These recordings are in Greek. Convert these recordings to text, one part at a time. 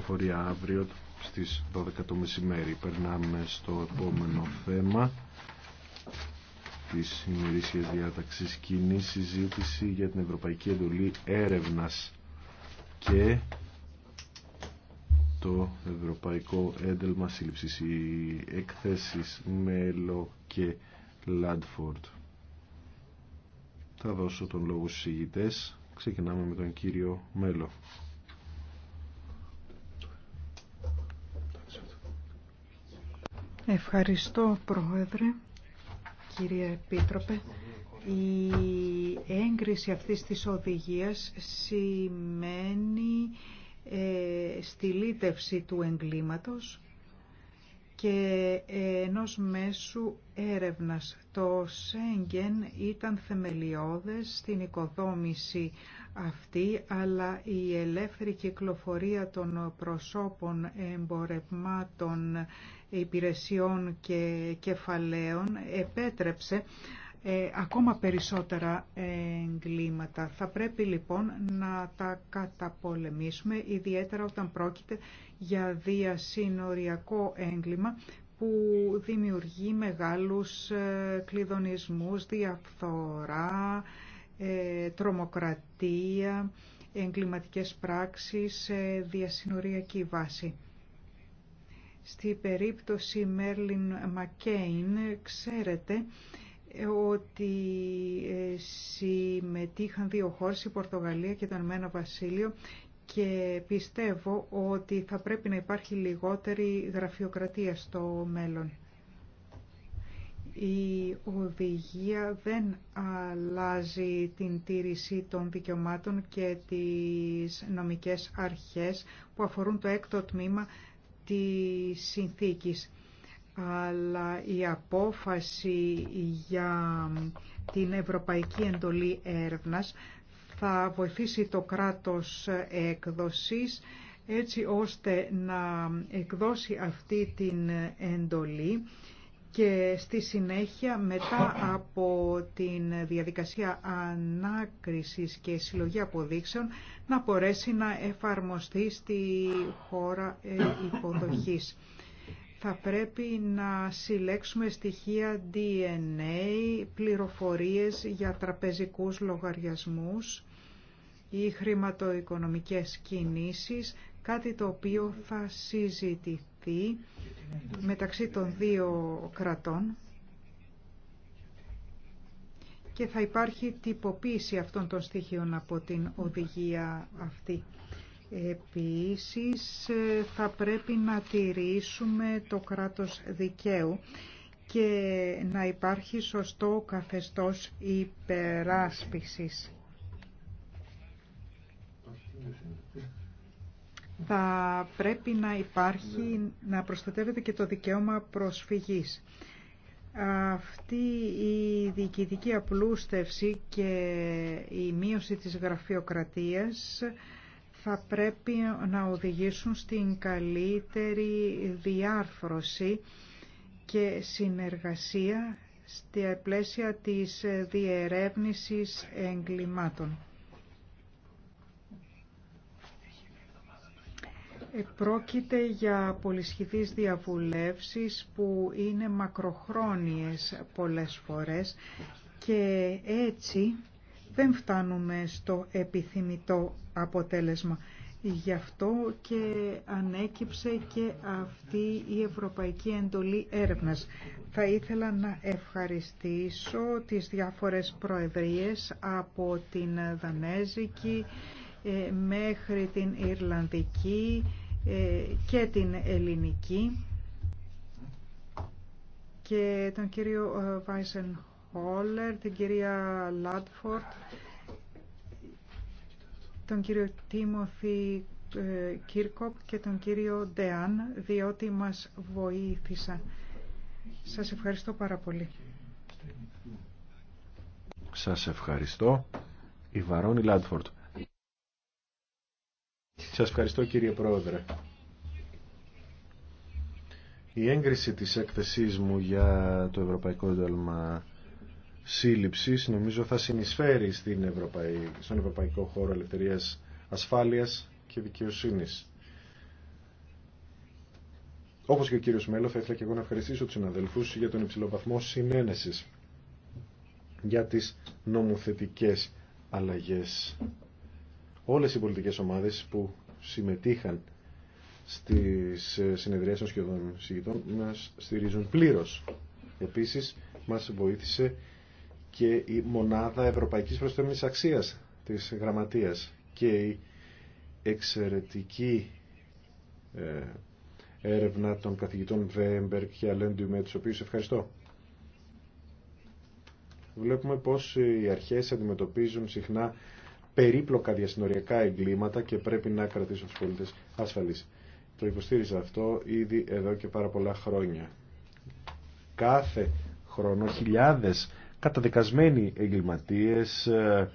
ψηφοφορία αύριο στις 12 το μεσημέρι. Περνάμε στο επόμενο θέμα της ημερήσιας διάταξης κοινή συζήτηση για την Ευρωπαϊκή Εντολή Έρευνας και το Ευρωπαϊκό Έντελμα Σύλληψης οι εκθέσεις Μέλο και Λάντφορντ. Θα δώσω τον λόγο στους ηγητές. Ξεκινάμε με τον κύριο Μέλο. Ευχαριστώ, Πρόεδρε, κυρία Επίτροπε. Η έγκριση αυτής της οδηγίας σημαίνει ε, του εγκλήματος και ενός μέσου έρευνας. Το Σέγγεν ήταν θεμελιώδες στην οικοδόμηση αυτή, αλλά η ελεύθερη κυκλοφορία των προσώπων εμπορευμάτων υπηρεσιών και κεφαλαίων επέτρεψε ε, ακόμα περισσότερα εγκλήματα. Θα πρέπει λοιπόν να τα καταπολεμήσουμε, ιδιαίτερα όταν πρόκειται για διασυνοριακό έγκλημα που δημιουργεί μεγάλους ε, κλειδονισμούς, διαφθορά, ε, τρομοκρατία, εγκληματικές πράξεις σε διασυνοριακή βάση. Στη περίπτωση Μέρλιν Μακέιν ξέρετε ότι ε, συμμετείχαν δύο χώρες, η Πορτογαλία και το Ενωμένο Βασίλειο και πιστεύω ότι θα πρέπει να υπάρχει λιγότερη γραφειοκρατία στο μέλλον. Η οδηγία δεν αλλάζει την τήρηση των δικαιωμάτων και τις νομικές αρχές που αφορούν το έκτο τμήμα της συνθήκης. Αλλά η απόφαση για την Ευρωπαϊκή Εντολή Έρευνας θα βοηθήσει το κράτος έκδοσης έτσι ώστε να εκδώσει αυτή την εντολή και στη συνέχεια μετά από την διαδικασία ανάκρισης και συλλογή αποδείξεων να μπορέσει να εφαρμοστεί στη χώρα ε, υποδοχής. Θα πρέπει να συλλέξουμε στοιχεία DNA, πληροφορίες για τραπεζικούς λογαριασμούς ή χρηματοοικονομικές κινήσεις, κάτι το οποίο θα συζητηθεί μεταξύ των δύο κρατών και θα υπάρχει τυποποίηση αυτών των στοιχείων από την οδηγία αυτή. Επίσης θα πρέπει να τηρήσουμε το κράτος δικαίου και να υπάρχει σωστό καθεστώς υπεράσπισης. θα πρέπει να υπάρχει, να προστατεύεται και το δικαίωμα προσφυγής. Αυτή η διοικητική απλούστευση και η μείωση της γραφειοκρατίας θα πρέπει να οδηγήσουν στην καλύτερη διάρθρωση και συνεργασία στη πλαίσια της διερεύνησης εγκλημάτων. Πρόκειται για πολυσχηδείς διαβουλεύσεις που είναι μακροχρόνιες πολλές φορές και έτσι δεν φτάνουμε στο επιθυμητό αποτέλεσμα. Γι' αυτό και ανέκυψε και αυτή η Ευρωπαϊκή Εντολή Έρευνας. Θα ήθελα να ευχαριστήσω τις διάφορες προεδρίες από την Δανέζικη ε, μέχρι την Ιρλανδική ε, και την ελληνική και τον κύριο Βάισεν Χόλερ, την κυρία Λάτφορτ, τον κύριο Τίμωθη Κίρκοπ ε, και τον κύριο Ντεάν, διότι μας βοήθησαν. Σας ευχαριστώ πάρα πολύ. Σας ευχαριστώ. Η Βαρόνι Λάντφορτ. Σας ευχαριστώ κύριε Πρόεδρε. Η έγκριση της έκθεσής μου για το Ευρωπαϊκό Ένταλμα Σύλληψης νομίζω θα συνεισφέρει στην Ευρωπαϊ... στον Ευρωπαϊκό Χώρο Ελευθερίας Ασφάλειας και Δικαιοσύνης. Όπως και ο κύριος Μέλλο θα ήθελα και εγώ να ευχαριστήσω τους συναδελφούς για τον υψηλό βαθμό συνένεσης για τις νομοθετικές αλλαγές. Όλες οι πολιτικές ομάδες που συμμετείχαν στις ε, συνεδριές των σχεδόν συγητών μας στηρίζουν πλήρως. Επίσης μας βοήθησε και η μονάδα Ευρωπαϊκής Προστομής Αξίας της Γραμματείας και η εξαιρετική ε, έρευνα των καθηγητών Βέμπερ και Αλέντιου με τους οποίους ευχαριστώ. Βλέπουμε πως οι αρχές αντιμετωπίζουν συχνά περίπλοκα διασυνοριακά εγκλήματα και πρέπει να κρατήσουν τους πολίτες ασφαλείς. Το υποστήριζα αυτό ήδη εδώ και πάρα πολλά χρόνια. Κάθε χρόνο χιλιάδες καταδικασμένοι εγκληματίες ε,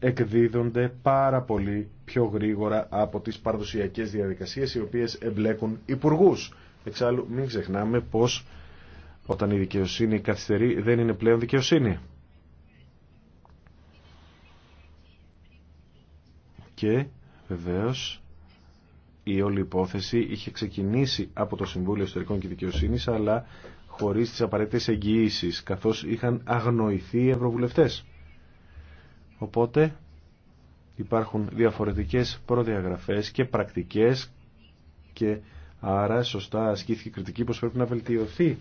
εκδίδονται πάρα πολύ πιο γρήγορα από τις παραδοσιακές διαδικασίες οι οποίες εμπλέκουν υπουργού. Εξάλλου μην ξεχνάμε πως όταν η δικαιοσύνη καθυστερεί δεν είναι πλέον δικαιοσύνη. και βεβαίως η όλη υπόθεση είχε ξεκινήσει από το Συμβούλιο Ιστορικών και Δικαιοσύνης αλλά χωρίς τις απαραίτητες εγγυήσεις καθώς είχαν αγνοηθεί οι ευρωβουλευτές. Οπότε υπάρχουν διαφορετικές προδιαγραφές και πρακτικές και άρα σωστά ασκήθηκε κριτική πως πρέπει να βελτιωθεί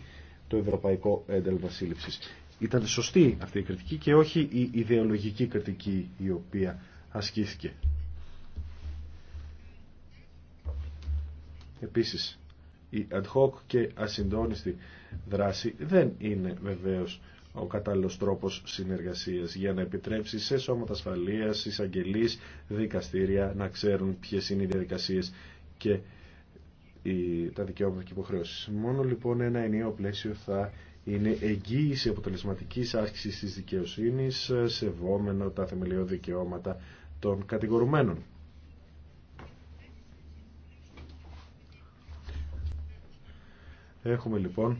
το ευρωπαϊκό ένταλμα σύλληψης. Ήταν σωστή αυτή η κριτική και όχι η ιδεολογική κριτική η οποία ασκήθηκε. Επίσης, η ad hoc και ασυντόνιστη δράση δεν είναι βεβαίως ο κατάλληλος τρόπος συνεργασίας για να επιτρέψει σε σώματα ασφαλείας, εισαγγελείς, δικαστήρια να ξέρουν ποιες είναι οι διαδικασίες και τα δικαιώματα και Μόνο λοιπόν ένα ενιαίο πλαίσιο θα είναι εγγύηση αποτελεσματικής άσκησης της δικαιοσύνης σεβόμενο τα θεμελιώδη δικαιώματα των κατηγορουμένων. Έχουμε λοιπόν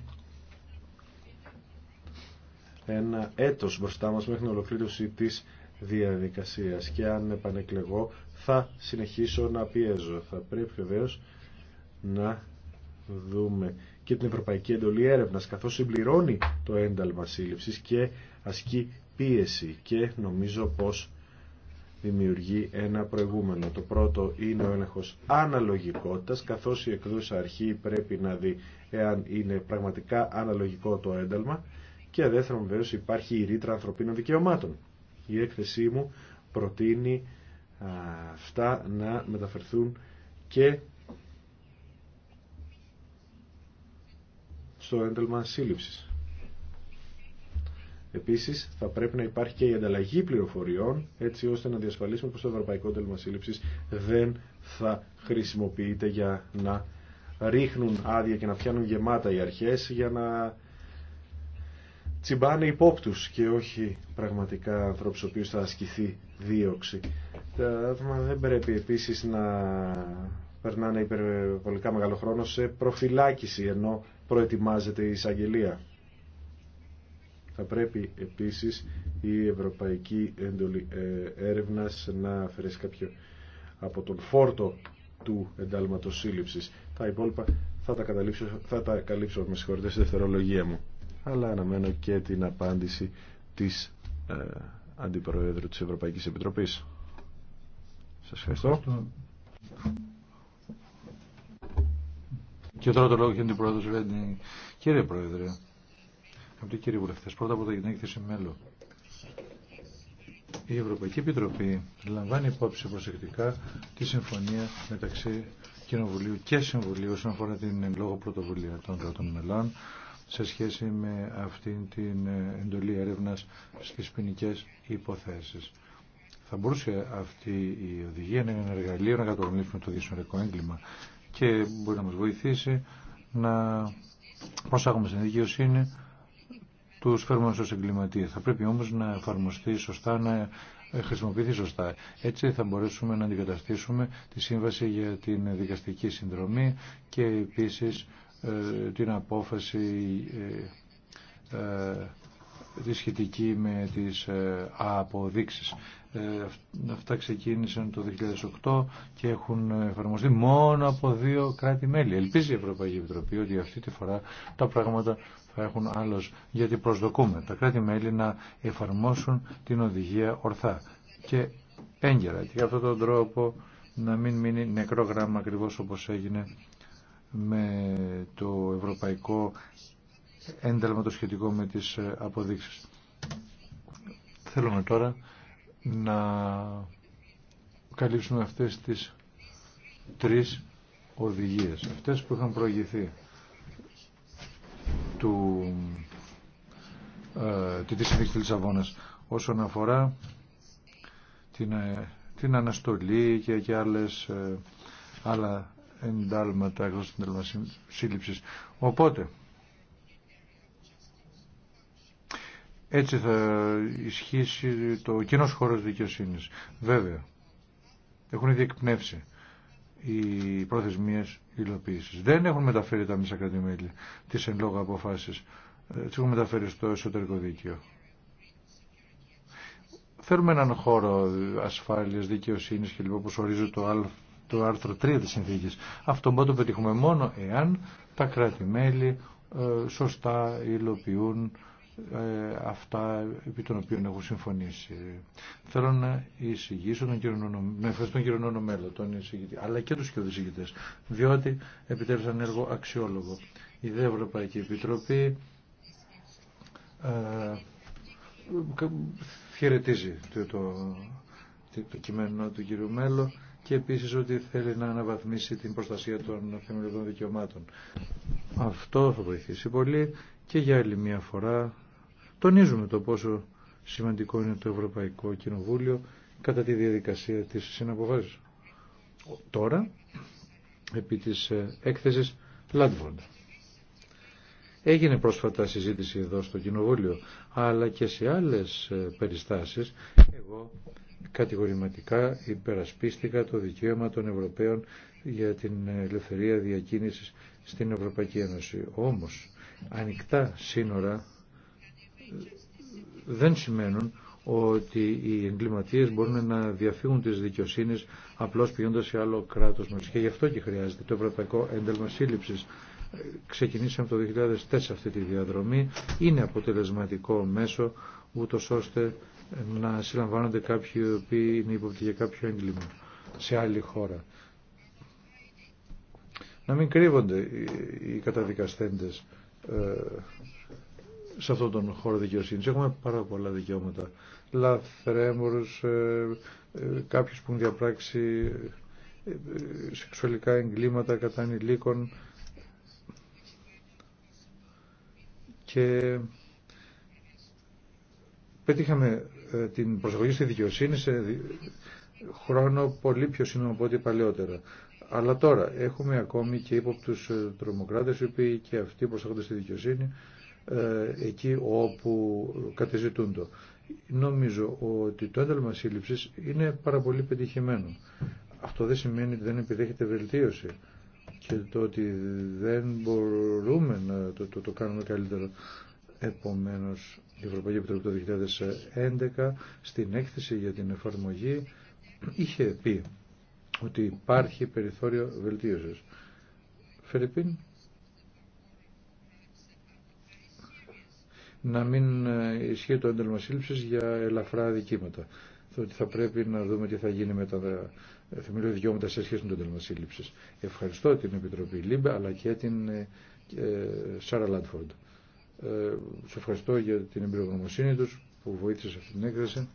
ένα έτος μπροστά μας μέχρι την ολοκλήρωση της διαδικασίας και αν επανεκλεγώ θα συνεχίσω να πιέζω. Θα πρέπει βεβαίω να δούμε και την Ευρωπαϊκή Εντολή Έρευνας καθώς συμπληρώνει το ένταλμα σύλληψης και ασκεί πίεση και νομίζω πως δημιουργεί ένα προηγούμενο. Το πρώτο είναι ο έλεγχος αναλογικότητας, καθώς η εκδούσα αρχή πρέπει να δει εάν είναι πραγματικά αναλογικό το ένταλμα και δεύτερον βεβαίως υπάρχει η ρήτρα ανθρωπίνων δικαιωμάτων. Η έκθεσή μου προτείνει αυτά να μεταφερθούν και στο ένταλμα σύλληψης. Επίσης, θα πρέπει να υπάρχει και η ανταλλαγή πληροφοριών, έτσι ώστε να διασφαλίσουμε πω το Ευρωπαϊκό Τέλμα Σύλληψη δεν θα χρησιμοποιείται για να ρίχνουν άδεια και να φτιάνουν γεμάτα οι αρχέ, για να τσιμπάνε υπόπτους και όχι πραγματικά ανθρώπους οποίους θα ασκηθεί δίωξη. Τα άτομα δεν πρέπει επίσης να περνάνε υπερβολικά μεγάλο χρόνο σε προφυλάκηση ενώ προετοιμάζεται η εισαγγελία. Θα πρέπει επίσης η Ευρωπαϊκή Έντολη ε, Έρευνας να αφαιρέσει κάποιο από τον φόρτο του εντάλματος σύλληψης. Τα υπόλοιπα θα τα, θα καλύψω, με συγχωρείτε, στη δευτερολογία μου. Αλλά αναμένω και την απάντηση της ε, Αντιπροέδρου της Ευρωπαϊκής Επιτροπής. Σας ευχαριστώ. Και τώρα το λόγο και την Πρόεδρος Κύριε Πρόεδρε, Αγαπητοί κύριοι βουλευτέ, πρώτα από το την μέλου. μέλο. Η Ευρωπαϊκή Επιτροπή λαμβάνει υπόψη προσεκτικά τη συμφωνία μεταξύ Κοινοβουλίου και Συμβουλίου όσον αφορά την λόγω πρωτοβουλία των κρατών μελών σε σχέση με αυτήν την εντολή έρευνα στις ποινικέ υποθέσεις. Θα μπορούσε αυτή η οδηγία να είναι ένα εργαλείο να κατανοήσουμε το διεσυνορικό έγκλημα και μπορεί να μας βοηθήσει να προσάγουμε στην δικαιοσύνη του φέρουμε ω εγκληματίε. Θα πρέπει όμω να εφαρμοστεί σωστά, να χρησιμοποιηθεί σωστά. Έτσι θα μπορέσουμε να αντικαταστήσουμε τη σύμβαση για την δικαστική συνδρομή και επίσης ε, την απόφαση ε, ε, τη σχετική με τις αποδείξει. Ε, αυτά ξεκίνησαν το 2008 και έχουν εφαρμοστεί μόνο από δύο κράτη-μέλη. Ελπίζει η Ευρωπαϊκή Επιτροπή ότι αυτή τη φορά τα πράγματα θα έχουν άλλος, γιατί προσδοκούμε τα κράτη-μέλη να εφαρμόσουν την οδηγία ορθά και έγκαιρα και για αυτόν τον τρόπο να μην μείνει νεκρό γράμμα ακριβώ όπως έγινε με το ευρωπαϊκό ένταλμα το σχετικό με τις ε, αποδείξεις. Θέλουμε τώρα να καλύψουμε αυτές τις τρεις οδηγίες, αυτές που είχαν προηγηθεί του, ε, της Λισαβόνα. της Λισαβόνας όσον αφορά ε, την, αναστολή και, και άλλες, ε, άλλα εντάλματα εκτός της σύλληψης. Οπότε, Έτσι θα ισχύσει το κοινό χώρο δικαιοσύνη. Βέβαια, έχουν ήδη εκπνεύσει οι προθεσμίε υλοποίηση. Δεν έχουν μεταφέρει τα μισά κρατημέλη τι εν λόγω αποφάσει. Ε, τι έχουν μεταφέρει στο εσωτερικό δίκαιο. Θέλουμε έναν χώρο ασφάλεια, δικαιοσύνη και λοιπόν όπω ορίζει το, το άρθρο 3 τη συνθήκη. Αυτό μπορεί το πετύχουμε μόνο εάν τα κράτη-μέλη ε, σωστά υλοποιούν ε, αυτά επί των οποίων έχουν συμφωνήσει. Θέλω να εισηγήσω τον κύριο Νόνο, να τον κύριο Μέλο, τον εισηγητή, αλλά και τους κύριους διότι επιτέλους ένα έργο αξιόλογο. Η ΔΕ Ευρωπαϊκή Επιτροπή ε, χαιρετίζει το, το, το κείμενο του κύριου Μέλο και επίσης ότι θέλει να αναβαθμίσει την προστασία των θεμελιωδών δικαιωμάτων. Αυτό θα βοηθήσει πολύ και για άλλη μια φορά τονίζουμε το πόσο σημαντικό είναι το Ευρωπαϊκό Κοινοβούλιο κατά τη διαδικασία της συναποφάσεως. Τώρα, επί της ε, έκθεσης Λατβόντα. Έγινε πρόσφατα συζήτηση εδώ στο Κοινοβούλιο, αλλά και σε άλλες ε, περιστάσεις εγώ κατηγορηματικά υπερασπίστηκα το δικαίωμα των Ευρωπαίων για την ελευθερία διακίνησης στην Ευρωπαϊκή Ένωση. Όμως, ανοιχτά σύνορα δεν σημαίνουν ότι οι εγκληματίες μπορούν να διαφύγουν τις δικαιοσύνες απλώς πηγαίνοντας σε άλλο κράτος μας. Και γι' αυτό και χρειάζεται το Ευρωπαϊκό Ένταλμα Σύλληψης. Ξεκινήσαμε το 2004 αυτή τη διαδρομή. Είναι αποτελεσματικό μέσο ούτω ώστε να συλλαμβάνονται κάποιοι οι οποίοι είναι υποπτή για κάποιο έγκλημα σε άλλη χώρα. Να μην κρύβονται οι καταδικαστέντες ε, σε αυτόν τον χώρο δικαιοσύνης. Έχουμε πάρα πολλά δικαιώματα. Λαθρέμορους, ε, ε, κάποιους που έχουν διαπράξει ε, σεξουαλικά εγκλήματα κατά ανηλίκων και πετύχαμε την προσαγωγή στη δικαιοσύνη σε χρόνο πολύ πιο σύντομο από ό,τι παλαιότερα. Αλλά τώρα έχουμε ακόμη και ύποπτους τρομοκράτες οι οποίοι και αυτοί προσαγωγούνται στη δικαιοσύνη ε, εκεί όπου το. Νομίζω ότι το ένταλμα σύλληψης είναι πάρα πολύ πετυχημένο. Αυτό δεν σημαίνει ότι δεν επιδέχεται βελτίωση και το ότι δεν μπορούμε να το, το, το κάνουμε καλύτερο. Επομένως, η Ευρωπαϊκή Επιτροπή το 2011 στην έκθεση για την εφαρμογή είχε πει ότι υπάρχει περιθώριο βελτίωσης. Φερρυπίν, να μην ε, ισχύει το έντελμα σύλληψης για ελαφρά Το Ότι θα πρέπει να δούμε τι θα γίνει με τα ε, θεμελιώδη δικαιώματα σε σχέση με το έντελμα σύλληψης. Ευχαριστώ την Επιτροπή Λίμπε αλλά και την ε, Σάρα ΛΑΝΤΦΟΡΝΤ. σε ευχαριστώ για την εμπειρογνωμοσύνη τους που βοήθησε σε αυτή την έκθεση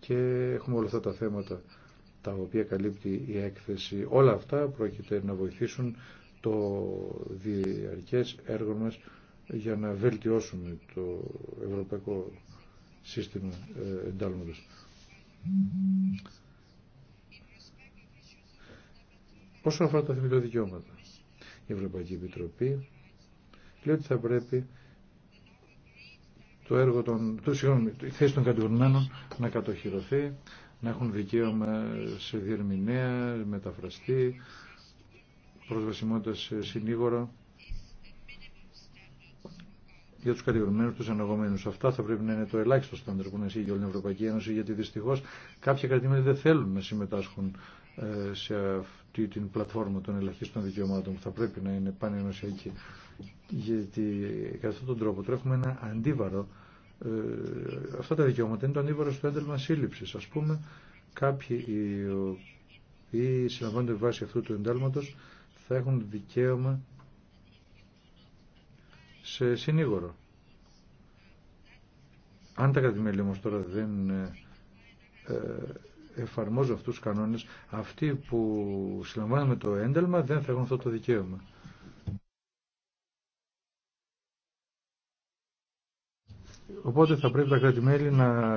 και έχουμε όλα αυτά τα θέματα τα οποία καλύπτει η έκθεση. Όλα αυτά πρόκειται να βοηθήσουν το διαρκές έργο μας για να βελτιώσουμε το ευρωπαϊκό σύστημα ε, εντάλματος. Όσον αφορά τα θεμελιώδη δικαιώματα, η Ευρωπαϊκή Επιτροπή λέει ότι θα πρέπει το έργο των, το, συγγνώμη, η θέση των κατηγορουμένων να κατοχυρωθεί, να έχουν δικαίωμα σε διερμηνέα, μεταφραστή, προσβασιμότητα σε συνήγορο για του κατηγορημένου του εναγωμένου. Αυτά θα πρέπει να είναι το ελάχιστο στάνταρ που να ισχύει για όλη την Ευρωπαϊκή Ένωση, γιατί δυστυχώ κάποια κρατημέρια δεν θέλουν να συμμετάσχουν ε, σε αυτή την πλατφόρμα των ελαχίστων δικαιωμάτων που θα πρέπει να είναι πανενωσιακή. Γιατί κατά αυτόν τον τρόπο τρέχουμε ένα αντίβαρο. Ε, αυτά τα δικαιώματα είναι το αντίβαρο στο ένταλμα σύλληψη. Α πούμε, κάποιοι οι οποίοι συλλαμβάνονται βάσει αυτού του εντάλματο θα έχουν δικαίωμα σε συνήγορο. Αν τα κρατημέλη όμως τώρα δεν ε, ε, εφαρμόζουν αυτούς τους κανόνες, αυτοί που συλλαμβάνουν με το ένταλμα δεν θα έχουν αυτό το δικαίωμα. Οπότε θα πρέπει τα κράτη-μέλη να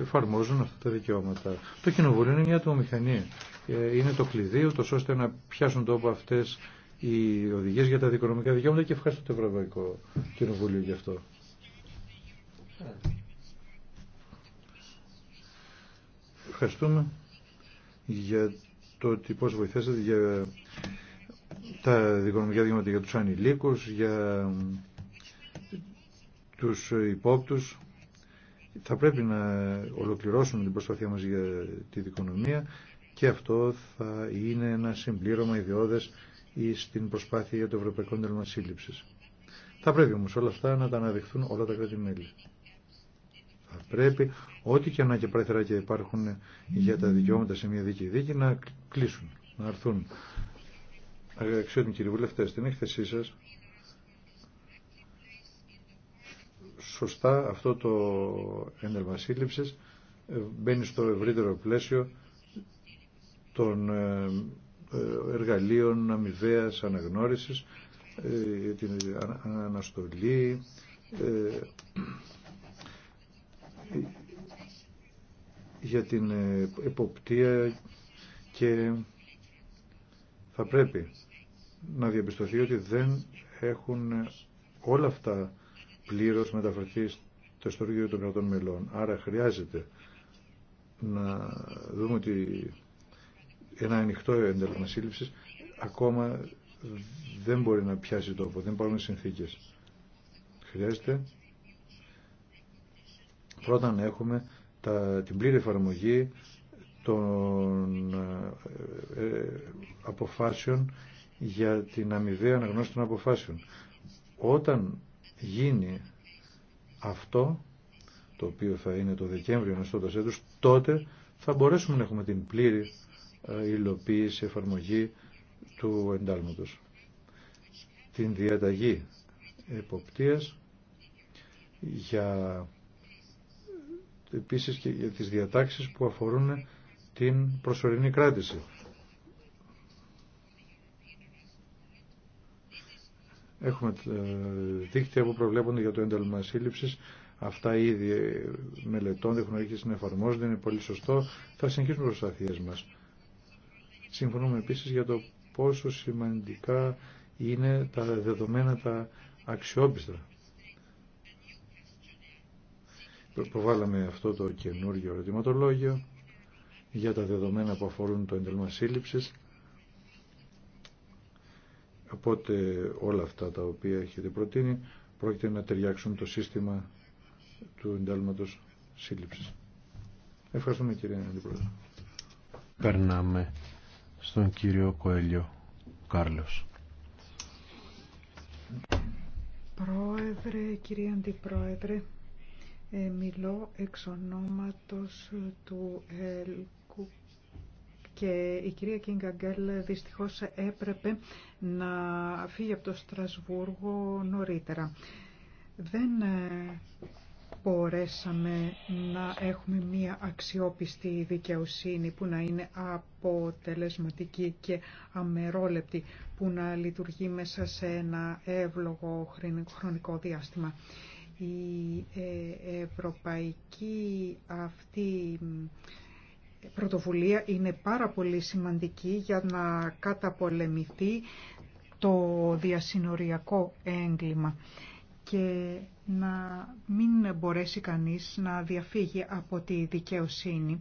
εφαρμόζουν αυτά τα δικαιώματα. Το κοινοβούλιο είναι μια ατομομηχανία. Ε, είναι το κλειδί, ούτως ώστε να πιάσουν τόπο αυτές οι οδηγίε για τα δικονομικά δικαιώματα και ευχαριστώ το Ευρωπαϊκό Κοινοβούλιο γι' αυτό. Ευχαριστούμε για το ότι πώς βοηθάσατε για τα δικονομικά δικαιώματα για τους ανηλίκους, για τους υπόπτους. Θα πρέπει να ολοκληρώσουμε την προσπάθειά μας για τη δικονομία και αυτό θα είναι ένα συμπλήρωμα ιδιώδες ή στην προσπάθεια για το Ευρωπαϊκό Ένταλμα Θα πρέπει όμω όλα αυτά να τα αναδειχθούν όλα τα κράτη-μέλη. Θα πρέπει ό,τι και να και και υπάρχουν για τα δικαιώματα σε μια δίκη δίκη να κλείσουν, να αρθούν. Αξιότιμοι κύριοι βουλευτέ, στην έκθεσή σα. σωστά αυτό το ένταλμα σύλληψη ε, μπαίνει στο ευρύτερο πλαίσιο των ε, ε, εργαλείων αμοιβαίας αναγνώρισης, ε, την αναστολή, ε, για την εποπτεία και θα πρέπει να διαπιστωθεί ότι δεν έχουν όλα αυτά πλήρως μεταφερθεί στο ιστορικό των κρατών μελών. Άρα χρειάζεται να δούμε ότι ένα ανοιχτό έντελμα σύλληψη ακόμα δεν μπορεί να πιάσει τόπο, δεν υπάρχουν συνθήκες. Χρειάζεται πρώτα να έχουμε τα, την πλήρη εφαρμογή των ε, ε, αποφάσεων για την αμοιβαία αναγνώση των αποφάσεων. Όταν γίνει αυτό, το οποίο θα είναι το Δεκέμβριο ενός τότε, τότε θα μπορέσουμε να έχουμε την πλήρη ε, υλοποίηση, εφαρμογή του εντάλματος. Την διαταγή εποπτείας για επίσης και για τις διατάξεις που αφορούν την προσωρινή κράτηση. Έχουμε ε, δίκτυα που προβλέπονται για το ένταλμα σύλληψης. Αυτά ήδη μελετώνται, έχουν αρχίσει να εφαρμόζονται, είναι πολύ σωστό. Θα συνεχίσουμε προσπαθίες μας. Συμφωνούμε επίσης για το πόσο σημαντικά είναι τα δεδομένα τα αξιόπιστα. Προβάλαμε αυτό το καινούργιο ερωτηματολόγιο για τα δεδομένα που αφορούν το έντελμα σύλληψης. Οπότε όλα αυτά τα οποία έχετε προτείνει πρόκειται να ταιριάξουν το σύστημα του εντάλματος σύλληψης. Ευχαριστούμε κύριε Αντιπρόεδρο στον κύριο Κοέλιο Κάρλος. Πρόεδρε, κύριε Αντιπρόεδρε, ε, μιλώ εξ ονόματος του ΕΛΚΟΥ και η κυρία Κίνγκαγκέλ δυστυχώς έπρεπε να φύγει από το Στρασβούργο νωρίτερα. Δεν ε, μπορέσαμε να έχουμε μία αξιόπιστη δικαιοσύνη που να είναι αποτελεσματική και αμερόλεπτη, που να λειτουργεί μέσα σε ένα εύλογο χρονικό διάστημα. Η ε, ευρωπαϊκή αυτή πρωτοβουλία είναι πάρα πολύ σημαντική για να καταπολεμηθεί το διασυνοριακό έγκλημα και να μην μπορέσει κανείς να διαφύγει από τη δικαιοσύνη.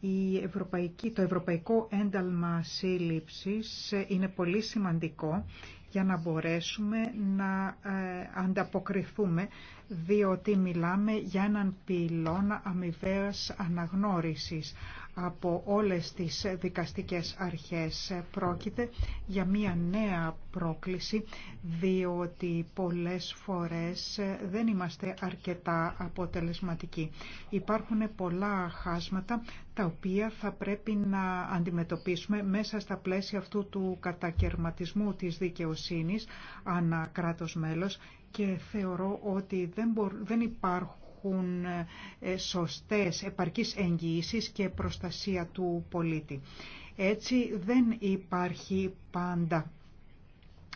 Η ευρωπαϊκή, το ευρωπαϊκό ένταλμα σύλληψης είναι πολύ σημαντικό για να μπορέσουμε να ε, ανταποκριθούμε, διότι μιλάμε για έναν πυλώνα αμοιβαίας αναγνώρισης από όλες τις δικαστικές αρχές. Πρόκειται για μία νέα πρόκληση, διότι πολλές φορές δεν είμαστε αρκετά αποτελεσματικοί. Υπάρχουν πολλά χάσματα τα οποία θα πρέπει να αντιμετωπίσουμε μέσα στα πλαίσια αυτού του κατακαιρματισμού της δικαιοσύνης ανά κράτος μέλος και θεωρώ ότι δεν, δεν υπάρχουν έχουν ε, σωστές επαρκείς εγγυήσεις και προστασία του πολίτη. Έτσι δεν υπάρχει πάντα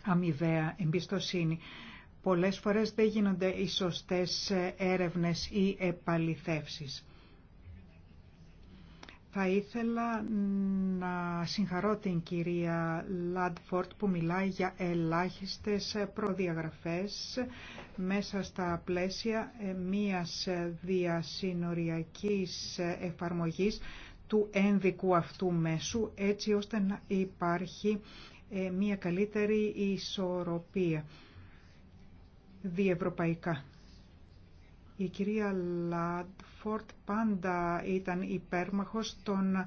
αμοιβαία εμπιστοσύνη. Πολλές φορές δεν γίνονται οι σωστές ε, έρευνες ή επαληθεύσεις. Θα ήθελα να συγχαρώ την κυρία Λάντφορτ που μιλάει για ελάχιστες προδιαγραφές μέσα στα πλαίσια ε, μίας διασυνοριακής εφαρμογής του ένδικου αυτού μέσου έτσι ώστε να υπάρχει ε, μια καλύτερη ισορροπία διευρωπαϊκά. Η κυρία Λάντφορτ πάντα ήταν υπέρμαχος των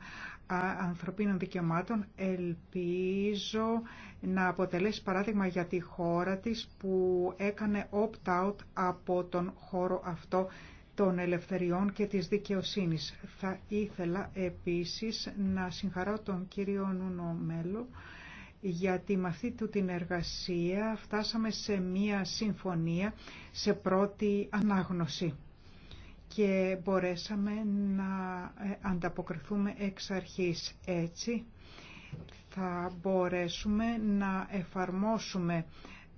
ανθρωπίνων δικαιωμάτων. Ελπίζω να αποτελέσει παράδειγμα για τη χώρα της που έκανε opt-out από τον χώρο αυτό των ελευθεριών και της δικαιοσύνης. Θα ήθελα επίσης να συγχαρώ τον κύριο Νούνο Μέλου γιατί με αυτή του την εργασία φτάσαμε σε μία συμφωνία σε πρώτη ανάγνωση και μπορέσαμε να ε, ανταποκριθούμε εξ αρχής έτσι. Θα μπορέσουμε να εφαρμόσουμε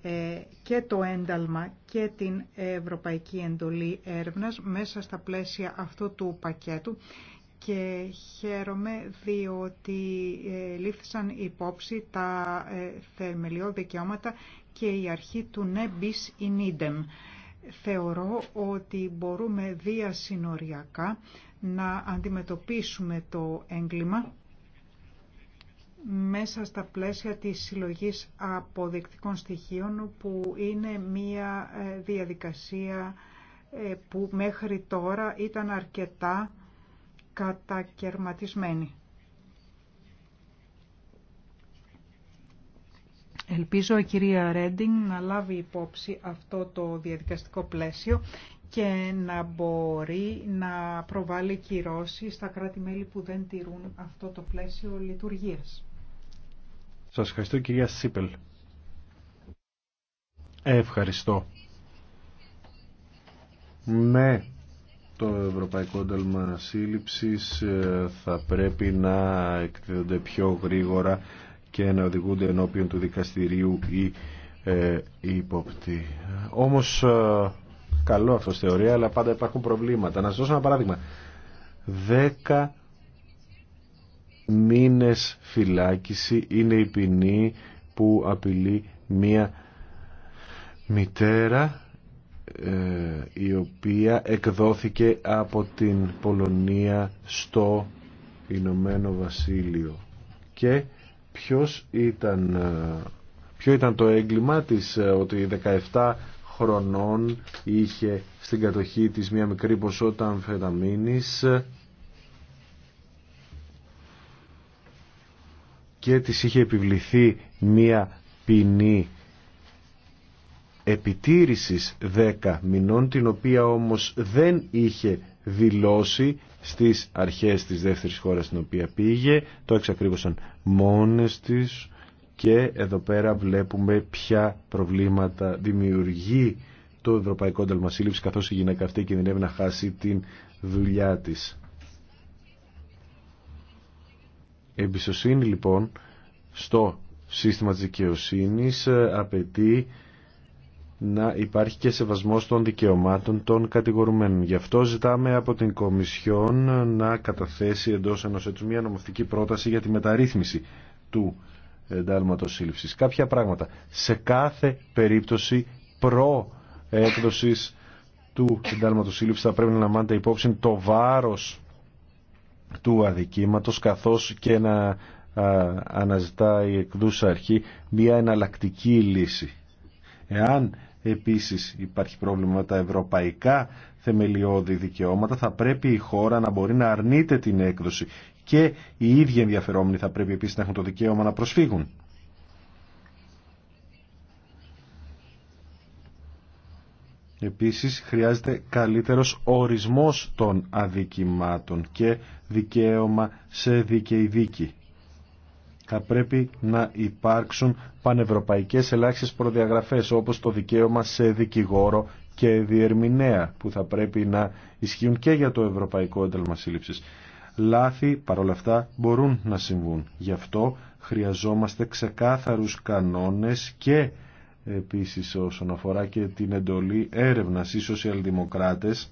ε, και το ένταλμα και την Ευρωπαϊκή Εντολή Έρευνας μέσα στα πλαίσια αυτού του πακέτου και χαίρομαι διότι ε, λήφθησαν υπόψη τα ε, θεμελιώδη δικαιώματα και η αρχή του «ne bis in idem». Θεωρώ ότι μπορούμε διασυνοριακά να αντιμετωπίσουμε το έγκλημα μέσα στα πλαίσια της συλλογής αποδεικτικών στοιχείων που είναι μία ε, διαδικασία που μέχρι τώρα ήταν αρκετά κατακερματισμένη. Ελπίζω η κυρία Ρέντινγκ να λάβει υπόψη αυτό το διαδικαστικό πλαίσιο και να μπορεί να προβάλλει κυρώσει στα κράτη-μέλη που δεν τηρούν αυτό το πλαίσιο λειτουργίας. Σας ευχαριστώ κυρία Σίπελ. Ευχαριστώ. Με το Ευρωπαϊκό Ένταλμα Σύλληψης ε, θα πρέπει να εκδίδονται πιο γρήγορα και να οδηγούνται ενώπιον του δικαστηρίου ή ε, Όμως ε, καλό αυτό θεωρία, αλλά πάντα υπάρχουν προβλήματα. Να σας δώσω ένα παράδειγμα. Δέκα μήνες φυλάκιση είναι η ποινή που απειλεί μία μητέρα ε, η οποία εκδόθηκε από την Πολωνία στο Ηνωμένο Βασίλειο και ποιος ήταν, ε, ποιο ήταν το έγκλημα της ε, ότι 17 χρονών είχε στην κατοχή της μια μικρή ποσότητα αμφεταμίνης και της είχε επιβληθεί μια ποινή επιτήρησης 10 μηνών την οποία όμως δεν είχε δηλώσει στις αρχές της δεύτερης χώρας στην οποία πήγε το εξακρίβωσαν μόνες της και εδώ πέρα βλέπουμε ποια προβλήματα δημιουργεί το Ευρωπαϊκό Ένταλμα καθώς η γυναίκα αυτή κινδυνεύει να χάσει την δουλειά της. Εμπιστοσύνη λοιπόν στο σύστημα της δικαιοσύνης ε, απαιτεί να υπάρχει και σεβασμός των δικαιωμάτων των κατηγορουμένων. Γι' αυτό ζητάμε από την Κομισιόν να καταθέσει εντός ενός έτους μια νομοθετική πρόταση για τη μεταρρύθμιση του εντάλματος σύλληψης. Κάποια πράγματα. Σε κάθε περίπτωση προέκδοσης του εντάλματος σύλληψης θα πρέπει να λαμβάνεται υπόψη το βάρος του αδικήματος καθώς και να αναζητά η εκδούσα αρχή μια εναλλακτική λύση. Εάν Επίσης υπάρχει πρόβλημα με τα ευρωπαϊκά θεμελιώδη δικαιώματα. Θα πρέπει η χώρα να μπορεί να αρνείται την έκδοση και οι ίδιοι ενδιαφερόμενοι θα πρέπει επίσης να έχουν το δικαίωμα να προσφύγουν. Επίσης χρειάζεται καλύτερος ορισμός των αδικημάτων και δικαίωμα σε δίκαιη δίκη θα πρέπει να υπάρξουν πανευρωπαϊκές ελάχιστες προδιαγραφές όπως το δικαίωμα σε δικηγόρο και διερμηνέα που θα πρέπει να ισχύουν και για το Ευρωπαϊκό Ένταλμα Σύλληψης. Λάθη παρόλα αυτά μπορούν να συμβούν. Γι' αυτό χρειαζόμαστε ξεκάθαρους κανόνες και επίσης όσον αφορά και την εντολή έρευνας. Οι σοσιαλδημοκράτες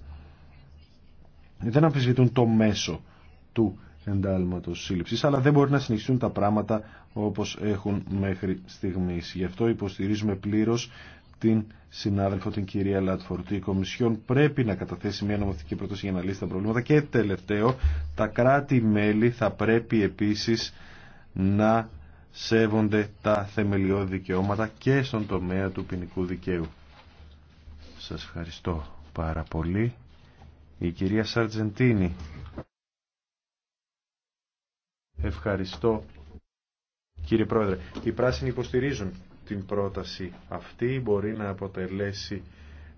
δεν αμφισβητούν το μέσο του εντάλματος σύλληψης, αλλά δεν μπορεί να συνεχιστούν τα πράγματα όπως έχουν μέχρι στιγμής. Γι' αυτό υποστηρίζουμε πλήρως την συνάδελφο την κυρία Λατφορτή. Η Κομισιόν πρέπει να καταθέσει μια νομοθετική πρόταση για να λύσει τα προβλήματα. Και τελευταίο, τα κράτη-μέλη θα πρέπει επίσης να σέβονται τα θεμελιώδη δικαιώματα και στον τομέα του ποινικού δικαίου. Σας ευχαριστώ πάρα πολύ. Η κυρία Σαρτζεντίνη. Ευχαριστώ κύριε Πρόεδρε. Οι πράσινοι υποστηρίζουν την πρόταση αυτή. Μπορεί να αποτελέσει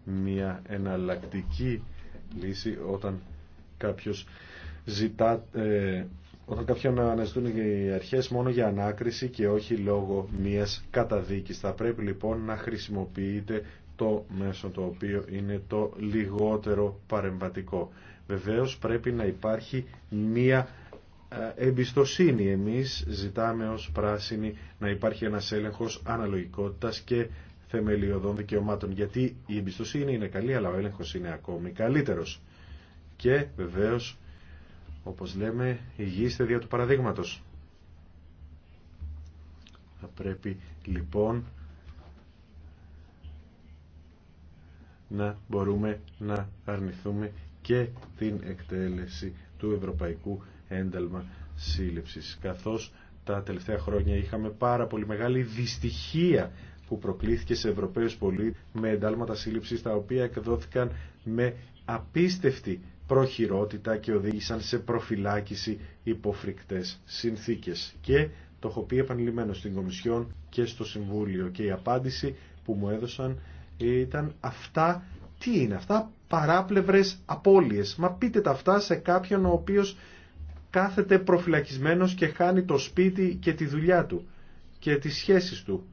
μια εναλλακτική λύση όταν κάποιος ζητά, ε, όταν κάποιον αναζητούν οι αρχές μόνο για ανάκριση και όχι λόγω μιας καταδίκης. Θα πρέπει λοιπόν να χρησιμοποιείται το μέσο το οποίο είναι το λιγότερο παρεμβατικό. Βεβαίως πρέπει να υπάρχει μία ε, εμπιστοσύνη. Εμείς ζητάμε ως πράσινη να υπάρχει ένας έλεγχος αναλογικότητας και θεμελιωδών δικαιωμάτων. Γιατί η εμπιστοσύνη είναι καλή, αλλά ο έλεγχος είναι ακόμη καλύτερος. Και βεβαίως, όπως λέμε, υγιείστε δια του παραδείγματος. Θα πρέπει λοιπόν να μπορούμε να αρνηθούμε και την εκτέλεση του ευρωπαϊκού ένταλμα σύλληψης. Καθώς τα τελευταία χρόνια είχαμε πάρα πολύ μεγάλη δυστυχία που προκλήθηκε σε Ευρωπαίους πολίτες με εντάλματα σύλληψης τα οποία εκδόθηκαν με απίστευτη προχειρότητα και οδήγησαν σε προφυλάκηση υποφρικτές συνθήκες. Και το έχω πει επανειλημμένο στην Κομισιόν και στο Συμβούλιο και η απάντηση που μου έδωσαν ήταν αυτά, τι είναι αυτά, παράπλευρες απώλειες. Μα πείτε τα αυτά σε κάποιον ο οποίος κάθεται προφυλακισμένος και χάνει το σπίτι και τη δουλειά του και τις σχέσεις του.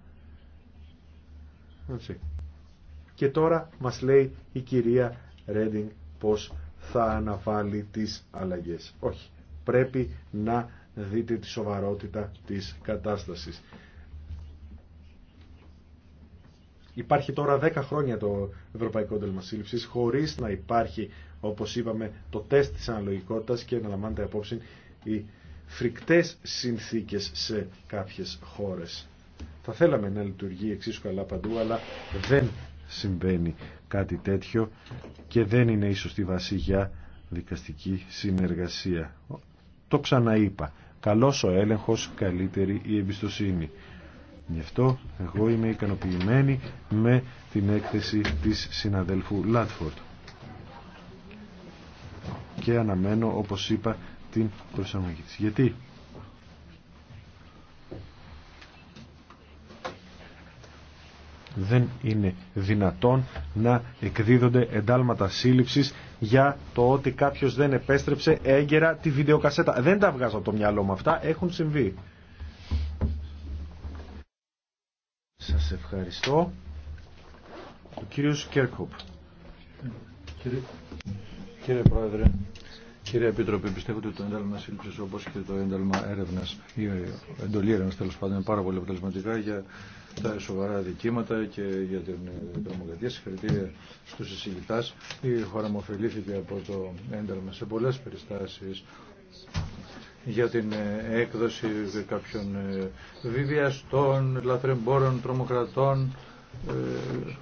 Και τώρα μας λέει η κυρία Ρέντινγκ πως θα αναβάλει τις αλλαγές. Όχι, πρέπει να δείτε τη σοβαρότητα της κατάστασης. Υπάρχει τώρα 10 χρόνια το Ευρωπαϊκό Σύλληψης χωρίς να υπάρχει όπως είπαμε, το τεστ της αναλογικότητας και να λαμβάνεται απόψη οι φρικτές συνθήκες σε κάποιες χώρες. Θα θέλαμε να λειτουργεί εξίσου καλά παντού, αλλά δεν συμβαίνει κάτι τέτοιο και δεν είναι η σωστή βασή για δικαστική συνεργασία. Το ξαναείπα. Καλός ο έλεγχος, καλύτερη η εμπιστοσύνη. Γι' αυτό εγώ είμαι ικανοποιημένη με την έκθεση της συναδέλφου Λάτφορτ και αναμένω όπως είπα την προσαρμογή της. Γιατί δεν είναι δυνατόν να εκδίδονται εντάλματα σύλληψης για το ότι κάποιος δεν επέστρεψε έγκαιρα τη βιντεοκασέτα. Δεν τα βγάζω από το μυαλό μου αυτά, έχουν συμβεί. Σας ευχαριστώ. Ο κύριος Κέρκοπ. Κύριε Πρόεδρε, κύριε Επίτροπε, πιστεύω ότι το ένταλμα σύλληψη όπω και το ένταλμα έρευνα ή εντολή έρευνα τέλο πάντων είναι πάρα πολύ αποτελεσματικά για τα σοβαρά δικήματα και για την τρομοκρατία. Συγχαρητήρια στου εισηγητά. Η χώρα μου ωφελήθηκε από το ένταλμα σε πολλέ περιστάσει για την έκδοση κάποιων ε, βιβλιαστών, λαθρεμπόρων, τρομοκρατών ε,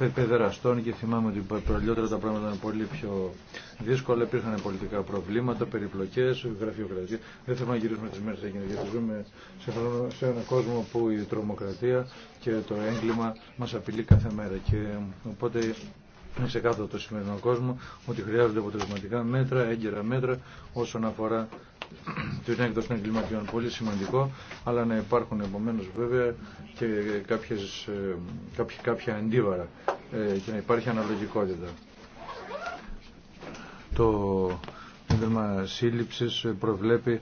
ε, παιδεραστών και θυμάμαι ότι παλιότερα τα πράγματα ήταν πολύ πιο δύσκολα, υπήρχαν πολιτικά προβλήματα, περιπλοκές, γραφειοκρατία. Δεν θέλουμε να γυρίσουμε τις μέρες εκείνες, γιατί ζούμε σε έναν κόσμο που η τρομοκρατία και το έγκλημα μας απειλεί κάθε μέρα. Και οπότε είναι ξεκάθαρο το σημερινό κόσμο ότι χρειάζονται αποτελεσματικά μέτρα, έγκαιρα μέτρα όσον αφορά την έκδοση των εγκληματιών. Πολύ σημαντικό, αλλά να υπάρχουν επομένω βέβαια και κάποιες, ε, κάποια, κάποια αντίβαρα ε, και να υπάρχει αναλογικότητα. Το έντομα σύλληψη προβλέπει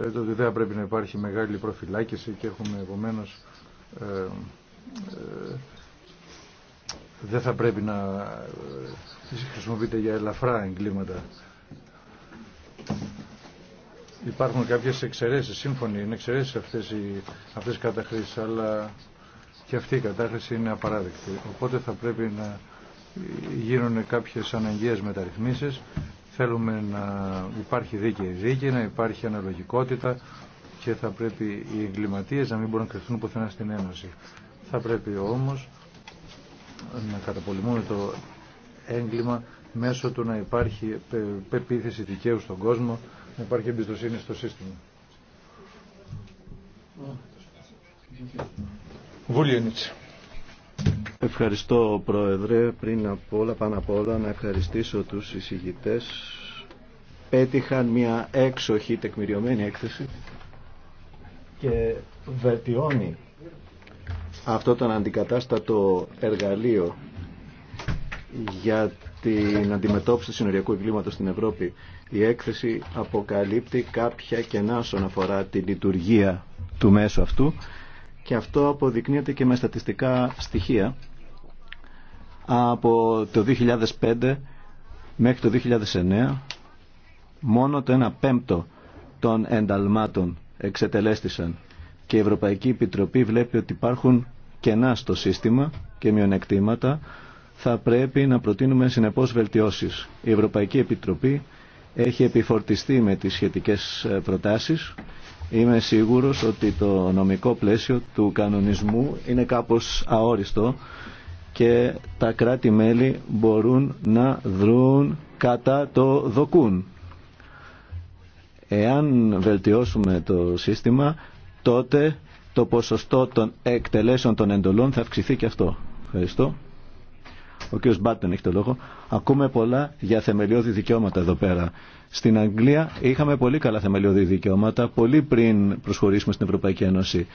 ε, το ότι δεν πρέπει να υπάρχει μεγάλη προφυλάκηση και έχουμε επομένω. δεν θα πρέπει να χρησιμοποιείται για ελαφρά εγκλήματα υπάρχουν κάποιες εξαιρέσεις, σύμφωνοι, είναι εξαιρέσεις αυτές οι, αυτές αλλά και αυτή η κατάχρηση είναι απαράδεκτη. Οπότε θα πρέπει να γίνουν κάποιες αναγκαίες μεταρρυθμίσεις. Θέλουμε να υπάρχει δίκαιη δίκαιη, να υπάρχει αναλογικότητα και θα πρέπει οι εγκληματίες να μην μπορούν να κρυφθούν πουθενά στην Ένωση. Θα πρέπει όμως να καταπολεμούμε το έγκλημα μέσω του να υπάρχει πεποίθηση δικαίου στον κόσμο να υπάρχει εμπιστοσύνη στο σύστημα. Ευχαριστώ Πρόεδρε. Πριν από όλα, πάνω απ' όλα, να ευχαριστήσω τους εισηγητές. Πέτυχαν μια έξοχη τεκμηριωμένη έκθεση και βελτιώνει αυτό το αντικατάστατο εργαλείο για την αντιμετώπιση του συνοριακού εγκλήματος στην Ευρώπη. Η έκθεση αποκαλύπτει κάποια κενά όσον αφορά τη λειτουργία του μέσου αυτού και αυτό αποδεικνύεται και με στατιστικά στοιχεία. Από το 2005 μέχρι το 2009 μόνο το 1 πέμπτο των ενταλμάτων εξετελέστησαν και η Ευρωπαϊκή Επιτροπή βλέπει ότι υπάρχουν κενά στο σύστημα και μειονεκτήματα θα πρέπει να προτείνουμε συνεπώς βελτιώσεις. Η Ευρωπαϊκή Επιτροπή έχει επιφορτιστεί με τις σχετικές ε, προτάσεις. Είμαι σίγουρος ότι το νομικό πλαίσιο του κανονισμού είναι κάπως αόριστο και τα κράτη-μέλη μπορούν να δρούν κατά το δοκούν. Εάν βελτιώσουμε το σύστημα, τότε το ποσοστό των εκτελέσεων των εντολών θα αυξηθεί και αυτό. Ευχαριστώ. Ο κ. Μπάτεν έχει το λόγο. Ακούμε πολλά για θεμελιώδη δικαιώματα εδώ πέρα. Στην Αγγλία είχαμε πολύ καλά θεμελιώδη δικαιώματα πολύ πριν προσχωρήσουμε στην Ευρωπαϊκή Ένωση.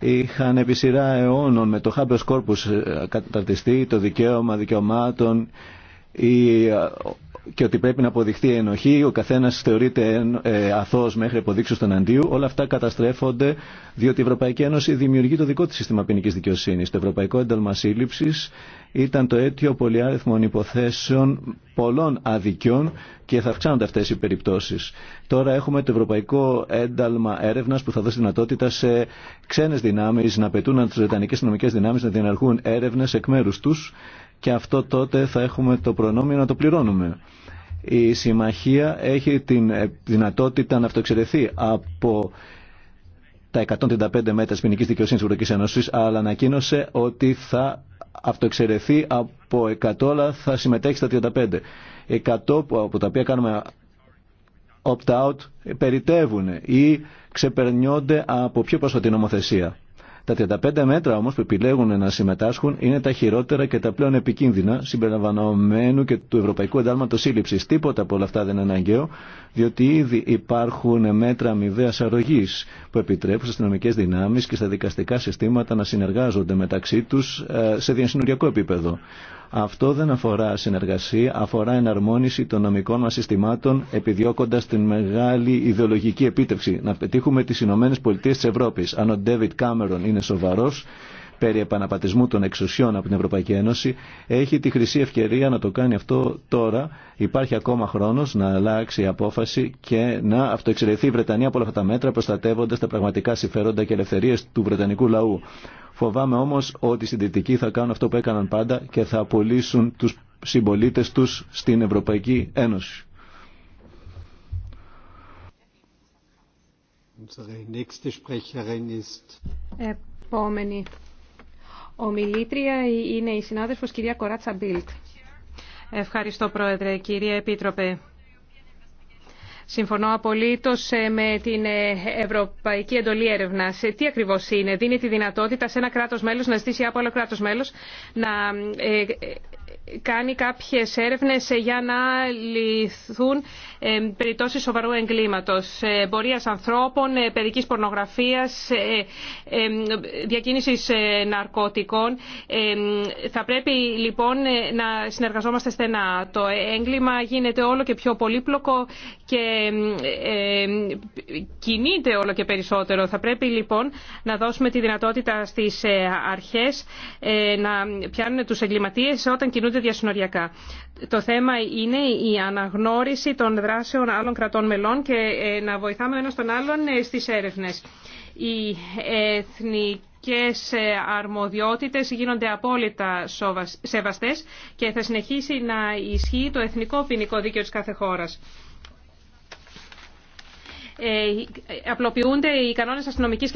Είχαν επί σειρά αιώνων με το Χάμπιος Κόρπους ε, καταρτιστεί το δικαίωμα δικαιωμάτων, η και ότι πρέπει να αποδειχθεί η ενοχή, ο καθένα θεωρείται ε, αθώος μέχρι αποδείξει των αντίου, όλα αυτά καταστρέφονται διότι η Ευρωπαϊκή Ένωση δημιουργεί το δικό τη σύστημα ποινικής δικαιοσύνης. Το Ευρωπαϊκό Ένταλμα Σύλληψη ήταν το αίτιο πολυάριθμων υποθέσεων πολλών αδικιών και θα αυξάνονται αυτέ οι περιπτώσει. Τώρα έχουμε το Ευρωπαϊκό Ένταλμα έρευνα που θα δώσει δυνατότητα σε ξένε δυνάμεις να πετούν από να διενεργούν έρευνε εκ μέρου του και αυτό τότε θα έχουμε το προνόμιο να το πληρώνουμε. Η συμμαχία έχει την δυνατότητα να αυτοεξαιρεθεί από τα 135 μέτρα τη ποινική δικαιοσύνη τη Ευρωπαϊκή Ένωση, αλλά ανακοίνωσε ότι θα αυτοεξαιρεθεί από 100, αλλά θα συμμετέχει στα 35. 100 από τα οποία κάνουμε opt-out περιτεύουν ή ξεπερνιόνται από πιο πρόσφατη νομοθεσία. Τα 35 μέτρα όμως που επιλέγουν να συμμετάσχουν είναι τα χειρότερα και τα πλέον επικίνδυνα συμπεριλαμβανομένου και του Ευρωπαϊκού Εντάλματο Σύλληψης. Τίποτα από όλα αυτά δεν είναι αναγκαίο, διότι ήδη υπάρχουν μέτρα αμοιβαία αρρωγή που επιτρέπουν στις αστυνομικέ δυνάμεις και στα δικαστικά συστήματα να συνεργάζονται μεταξύ του ε, σε διασυνοριακό επίπεδο. Αυτό δεν αφορά συνεργασία, αφορά εναρμόνιση των νομικών μας συστημάτων επιδιώκοντας την μεγάλη ιδεολογική επίτευξη. Να πετύχουμε τις Ηνωμένε Πολιτείες της Ευρώπης. Αν ο Ντέβιτ Κάμερον είναι σοβαρός, περί επαναπατισμού των εξουσιών από την Ευρωπαϊκή Ένωση έχει τη χρυσή ευκαιρία να το κάνει αυτό τώρα. Υπάρχει ακόμα χρόνο να αλλάξει η απόφαση και να αυτοεξαιρεθεί η Βρετανία από όλα αυτά τα μέτρα προστατεύοντα τα πραγματικά συμφέροντα και ελευθερίε του Βρετανικού λαού. Φοβάμαι όμω ότι στην Δυτική θα κάνουν αυτό που έκαναν πάντα και θα απολύσουν του συμπολίτε του στην Ευρωπαϊκή Ένωση. Επόμενη Ομιλήτρια είναι η συνάδελφος κυρία Κοράτσα Μπίλτ. Ευχαριστώ Πρόεδρε. Κυρία Επίτροπε, Συμφωνώ απολύτω ε, με την ε, Ευρωπαϊκή Εντολή Έρευνα. Ε, τι ακριβώ είναι, δίνει τη δυνατότητα σε ένα κράτο μέλο να ζητήσει από άλλο κράτο μέλο να κάνει κάποιε έρευνε για να λυθούν ε, περιπτώσεις σοβαρού εγκλήματος, ε, εμπορίας ανθρώπων, ε, παιδικής πορνογραφίας, διακίνησης ναρκωτικών. Θα πρέπει λοιπόν να συνεργαζόμαστε στενά. Το έγκλημα γίνεται όλο και πιο πολύπλοκο και κινείται όλο και περισσότερο. Θα πρέπει λοιπόν να δώσουμε τη δυνατότητα στις αρχές να πιάνουν τους εγκληματίες όταν κινούνται διασυνοριακά το θέμα είναι η αναγνώριση των δράσεων άλλων κρατών μελών και ε, να βοηθάμε ένας τον άλλον ε, στις έρευνες. Οι εθνικές ε, αρμοδιότητες γίνονται απόλυτα σεβαστές και θα συνεχίσει να ισχύει το εθνικό ποινικό δίκαιο της κάθε χώρας. Ε, απλοποιούνται οι κανόνες αστυνομικής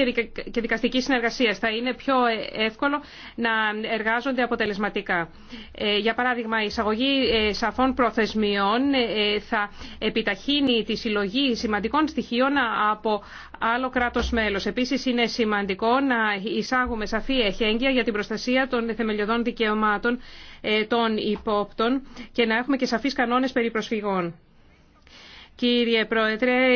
και δικαστικής συνεργασίας. Θα είναι πιο ε, εύκολο να εργάζονται αποτελεσματικά. Ε, για παράδειγμα, η εισαγωγή σαφών προθεσμιών θα επιταχύνει τη συλλογή σημαντικών στοιχείων από άλλο κράτος μέλος. Επίσης, είναι σημαντικό να εισάγουμε σαφή εχέγγυα για την προστασία των θεμελιωδών δικαιωμάτων των υπόπτων και να έχουμε και σαφείς κανόνες περί προσφυγών. Κύριε Πρόεδρε,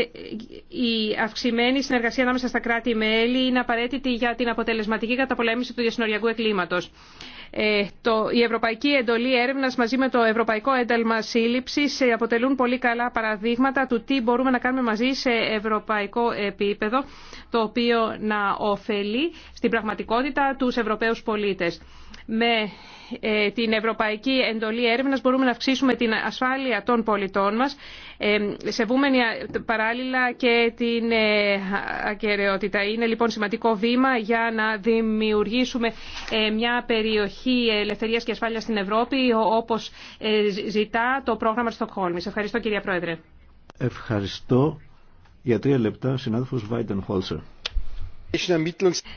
η αυξημένη συνεργασία ανάμεσα στα κράτη-μέλη είναι απαραίτητη για την αποτελεσματική καταπολέμηση του διασυνοριακού εκκλήματος. Ε, το, η Ευρωπαϊκή Εντολή Έρευνας μαζί με το Ευρωπαϊκό Ένταλμα Σύλληψης ε, αποτελούν πολύ καλά παραδείγματα του τι μπορούμε να κάνουμε μαζί σε ευρωπαϊκό επίπεδο, το οποίο να ωφελεί στην πραγματικότητα τους Ευρωπαίους πολίτες. Με ε, την Ευρωπαϊκή Εντολή Έρευνας μπορούμε να αυξήσουμε την ασφάλεια των πολιτών μας ε, σεβούμενη ε, παράλληλα και την ε, ακαιρεότητα. Είναι λοιπόν σημαντικό βήμα για να δημιουργήσουμε μια περιοχή ελευθερίας και ασφάλειας στην Ευρώπη όπως ζητά το πρόγραμμα της Στοκχόλμης. Ευχαριστώ κυρία Πρόεδρε. Ευχαριστώ για τρία λεπτά συνάδελφος Βάιντεν Χόλσερ.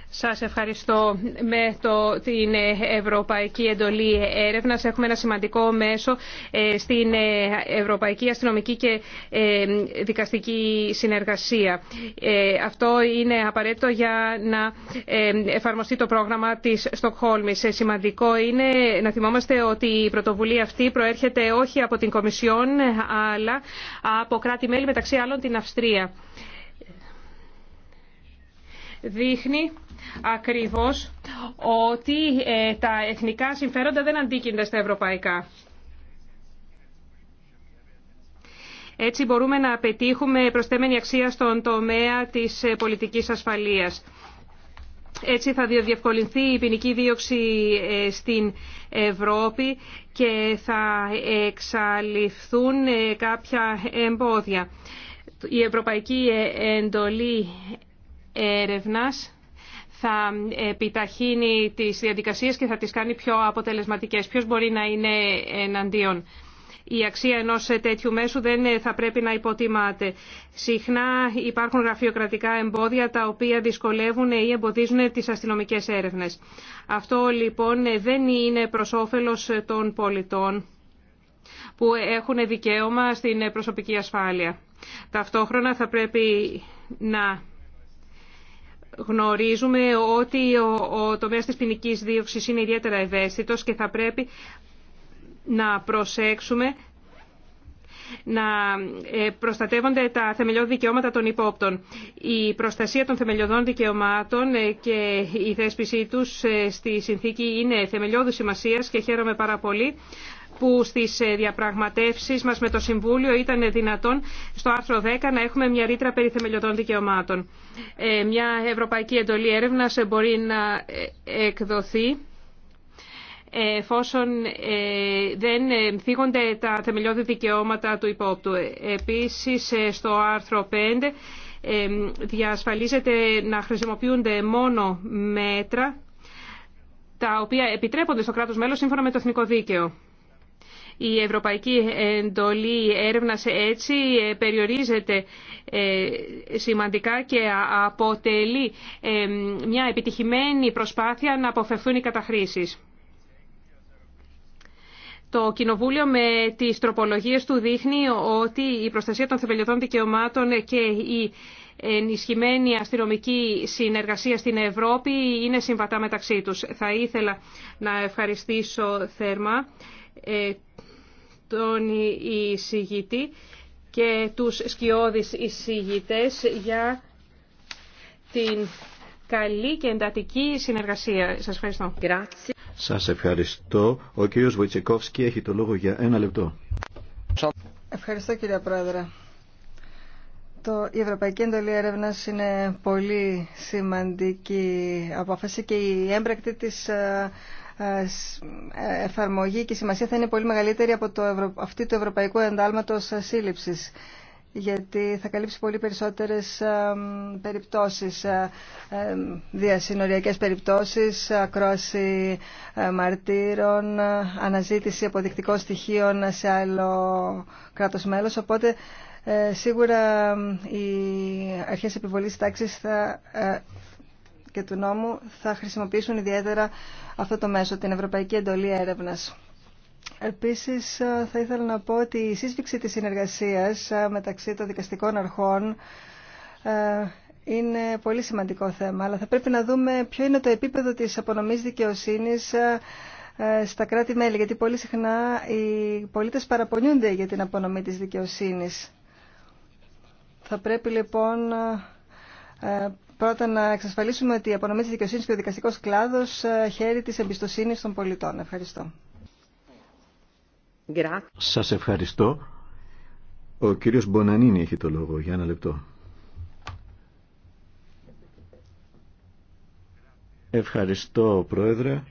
Σας ευχαριστώ. Με το, την ε, Ευρωπαϊκή Εντολή Έρευνας έχουμε ένα σημαντικό μέσο ε, στην ε, Ευρωπαϊκή Αστυνομική και Δικαστική Συνεργασία. αυτό είναι απαραίτητο για να εφαρμοστεί το πρόγραμμα της Στοκχόλμης. σημαντικό είναι να θυμόμαστε ότι η πρωτοβουλία αυτή προέρχεται όχι από την Κομισιόν αλλά από κράτη-μέλη μεταξύ άλλων την Αυστρία δείχνει ακριβώς ότι ε, τα εθνικά συμφέροντα δεν αντίκεινται στα ευρωπαϊκά. Έτσι μπορούμε να πετύχουμε προσθέμενη αξία στον τομέα της ε, πολιτικής ασφαλείας. Έτσι θα διευκολυνθεί η ποινική δίωξη ε, στην Ευρώπη και θα εξαλειφθούν κάποια εμπόδια. Η Ευρωπαϊκή Εντολή έρευνας θα επιταχύνει τις διαδικασίες και θα τις κάνει πιο αποτελεσματικές. Ποιος μπορεί να είναι εναντίον. Η αξία ενός τέτοιου μέσου δεν θα πρέπει να υποτιμάται. Συχνά υπάρχουν γραφειοκρατικά εμπόδια τα οποία δυσκολεύουν ή εμποδίζουν τις αστυνομικές έρευνες. Αυτό λοιπόν δεν είναι προς όφελος των πολιτών που έχουν δικαίωμα στην προσωπική ασφάλεια. Ταυτόχρονα θα πρέπει να Γνωρίζουμε ότι ο, ο τομέας της ποινική δίωξης είναι ιδιαίτερα ευαίσθητος και θα πρέπει να προσέξουμε να ε, προστατεύονται τα θεμελιώδη δικαιώματα των υπόπτων. Η προστασία των θεμελιωδών δικαιωμάτων ε, και η θέσπιση τους ε, στη συνθήκη είναι θεμελιώδη σημασίας και χαίρομαι πάρα πολύ που στις ε, διαπραγματεύσεις μας με το Συμβούλιο ήταν δυνατόν στο άρθρο 10 να έχουμε μια ρήτρα περί θεμελιωτών δικαιωμάτων. Ε, μια ευρωπαϊκή εντολή έρευνας μπορεί να ε, εκδοθεί εφόσον δεν θίγονται τα θεμελιώδη δικαιώματα του υπόπτου. Επίσης, στο άρθρο 5 διασφαλίζεται να χρησιμοποιούνται μόνο μέτρα τα οποία επιτρέπονται στο κράτος μέλος σύμφωνα με το εθνικό δίκαιο η ευρωπαϊκή εντολή έρευνας έτσι ε, περιορίζεται ε, σημαντικά και αποτελεί ε, μια επιτυχημένη προσπάθεια να αποφευθούν οι καταχρήσεις. Το Κοινοβούλιο με τις τροπολογίες του δείχνει ότι η προστασία των θεμελιωτών δικαιωμάτων και η ενισχυμένη αστυνομική συνεργασία στην Ευρώπη είναι συμβατά μεταξύ τους. Θα ήθελα να ευχαριστήσω θέρμα τον εισηγητή και τους σκιώδεις εισηγητές για την καλή και εντατική συνεργασία. Σας ευχαριστώ. Σας ευχαριστώ. Ο κύριος Βοητσεκόφσκι έχει το λόγο για ένα λεπτό. Ευχαριστώ κύριε Πρόεδρε. Το, η Ευρωπαϊκή Εντολή Έρευνα είναι πολύ σημαντική απόφαση και η έμπρακτη της ε, ε, ε, εφαρμογή και σημασία θα είναι πολύ μεγαλύτερη από το Ευρω... αυτή του Ευρωπαϊκού Εντάλματος ε, Σύλληψης γιατί θα καλύψει πολύ περισσότερες περιπτώσεις, διασυνοριακές περιπτώσεις, ακρόαση μαρτύρων, αναζήτηση αποδεικτικών στοιχείων σε άλλο κράτος μέλος, οπότε σίγουρα οι αρχές επιβολής τάξης θα και του νόμου θα χρησιμοποιήσουν ιδιαίτερα αυτό το μέσο, την Ευρωπαϊκή Εντολή Έρευνας. Επίσης ε, θα ήθελα να πω ότι η σύσφυξη της συνεργασίας ε, μεταξύ των δικαστικών αρχών ε, είναι πολύ σημαντικό θέμα, αλλά θα πρέπει να δούμε ποιο είναι το επίπεδο της απονομής δικαιοσύνης στα κράτη-μέλη, γιατί πολύ συχνά οι πολίτες παραπονιούνται για την απονομή της δικαιοσύνης. Θα πρέπει λοιπόν Πρώτα να εξασφαλίσουμε ότι η απονομή της δικαιοσύνης και ο δικαστικός κλάδος ε, χαίρει της εμπιστοσύνης των πολιτών. Ευχαριστώ. Σας ευχαριστώ. Ο κύριος Μπονανίνη έχει το λόγο. Για ένα λεπτό. Ευχαριστώ, Πρόεδρε.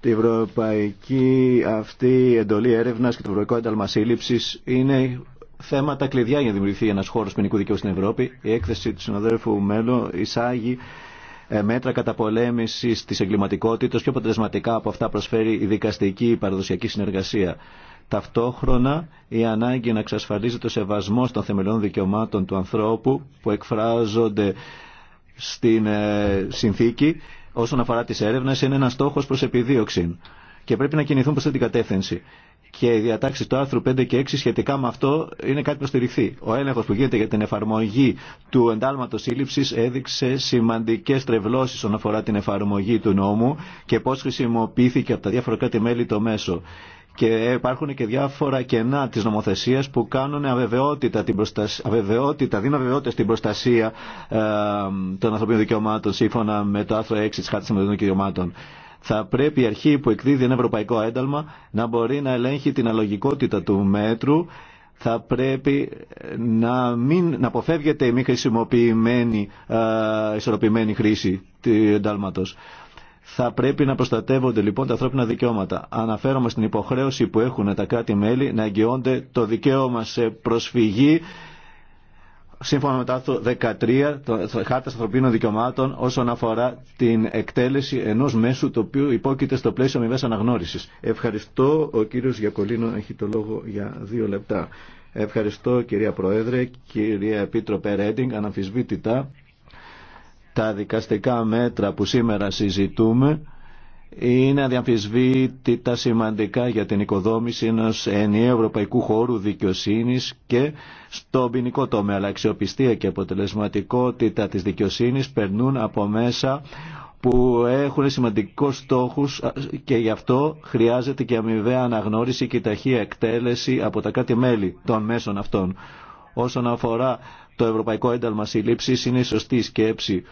Τη ευρωπαϊκή αυτή εντολή έρευνας και το ευρωπαϊκό ένταλμα σύλληψης είναι θέματα κλειδιά για να δημιουργηθεί ένα χώρο ποινικού δικαίου στην Ευρώπη. Η έκθεση του συναδέλφου Μέλλον εισάγει ε, μέτρα καταπολέμηση τη εγκληματικότητα πιο αποτελεσματικά από αυτά προσφέρει η δικαστική παραδοσιακή συνεργασία. Ταυτόχρονα, η ανάγκη να εξασφαλίζεται ο σεβασμό των θεμελιών δικαιωμάτων του ανθρώπου που εκφράζονται στην ε, συνθήκη όσον αφορά τι έρευνε είναι ένα στόχο προ επιδίωξη και πρέπει να κινηθούν προ την κατεύθυνση και οι διατάξει του άρθρου 5 και 6 σχετικά με αυτό είναι κάτι που στηριχθεί. Ο έλεγχο που γίνεται για την εφαρμογή του εντάλματο σύλληψη έδειξε σημαντικέ τρευλώσει όσον αφορά την εφαρμογή του νόμου και πώ χρησιμοποιήθηκε από τα διάφορα κράτη-μέλη το μέσο. Και υπάρχουν και διάφορα κενά τη νομοθεσία που κάνουν αβεβαιότητα, την προστασία, αβεβαιότητα, δίνουν αβεβαιότητα στην προστασία ε, των ανθρωπίνων δικαιωμάτων σύμφωνα με το άρθρο 6 τη Χάρτη των Δικαιωμάτων θα πρέπει η αρχή που εκδίδει ένα ευρωπαϊκό ένταλμα να μπορεί να ελέγχει την αλογικότητα του μέτρου θα πρέπει ε, να, μην, να αποφεύγεται η μη χρησιμοποιημένη ε, ισορροπημένη χρήση του εντάλματος. Θα πρέπει να προστατεύονται λοιπόν τα ανθρώπινα δικαιώματα. Αναφέρομαι στην υποχρέωση που έχουν τα κράτη-μέλη να εγγυώνται το δικαίωμα σε προσφυγή σύμφωνα με το άρθρο 13 των Χάρτα Ανθρωπίνων Δικαιωμάτων όσον αφορά την εκτέλεση ενό μέσου το οποίο υπόκειται στο πλαίσιο αμοιβέ αναγνώριση. Ευχαριστώ. Ο κύριο Γιακολίνο έχει το λόγο για δύο λεπτά. Ευχαριστώ κυρία Προέδρε, κυρία Επίτροπε Ρέντινγκ. Αναμφισβήτητα τα δικαστικά μέτρα που σήμερα συζητούμε είναι αδιαμφισβήτητα σημαντικά για την οικοδόμηση ενός ενιαίου ευρωπαϊκού χώρου δικαιοσύνης και στο ποινικό τομέα. Αλλά αξιοπιστία και αποτελεσματικότητα της δικαιοσύνης περνούν από μέσα που έχουν σημαντικούς στόχους και γι' αυτό χρειάζεται και αμοιβαία αναγνώριση και ταχεία εκτέλεση από τα κάτι μέλη των μέσων αυτών. Όσον αφορά το Ευρωπαϊκό Ένταλμα Συλλήψης είναι η σωστή σκέψη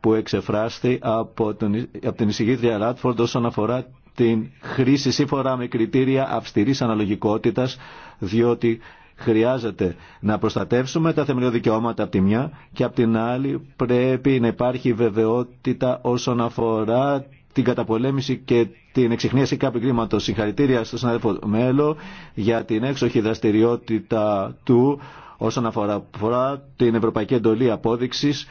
που εξεφράστη από, τον, από την εισηγήτρια Ράτφορντ όσον αφορά την χρήση σύμφωνα με κριτήρια αυστηρής αναλογικότητας, διότι χρειάζεται να προστατεύσουμε τα θεμελιώδη δικαιώματα από τη μια και από την άλλη πρέπει να υπάρχει βεβαιότητα όσον αφορά την καταπολέμηση και την εξυχνίαση κάποιου κλίματο. Συγχαρητήρια στον συνάδελφο Μέλο για την έξοχη δραστηριότητα του όσον αφορά την Ευρωπαϊκή Εντολή Απόδειξης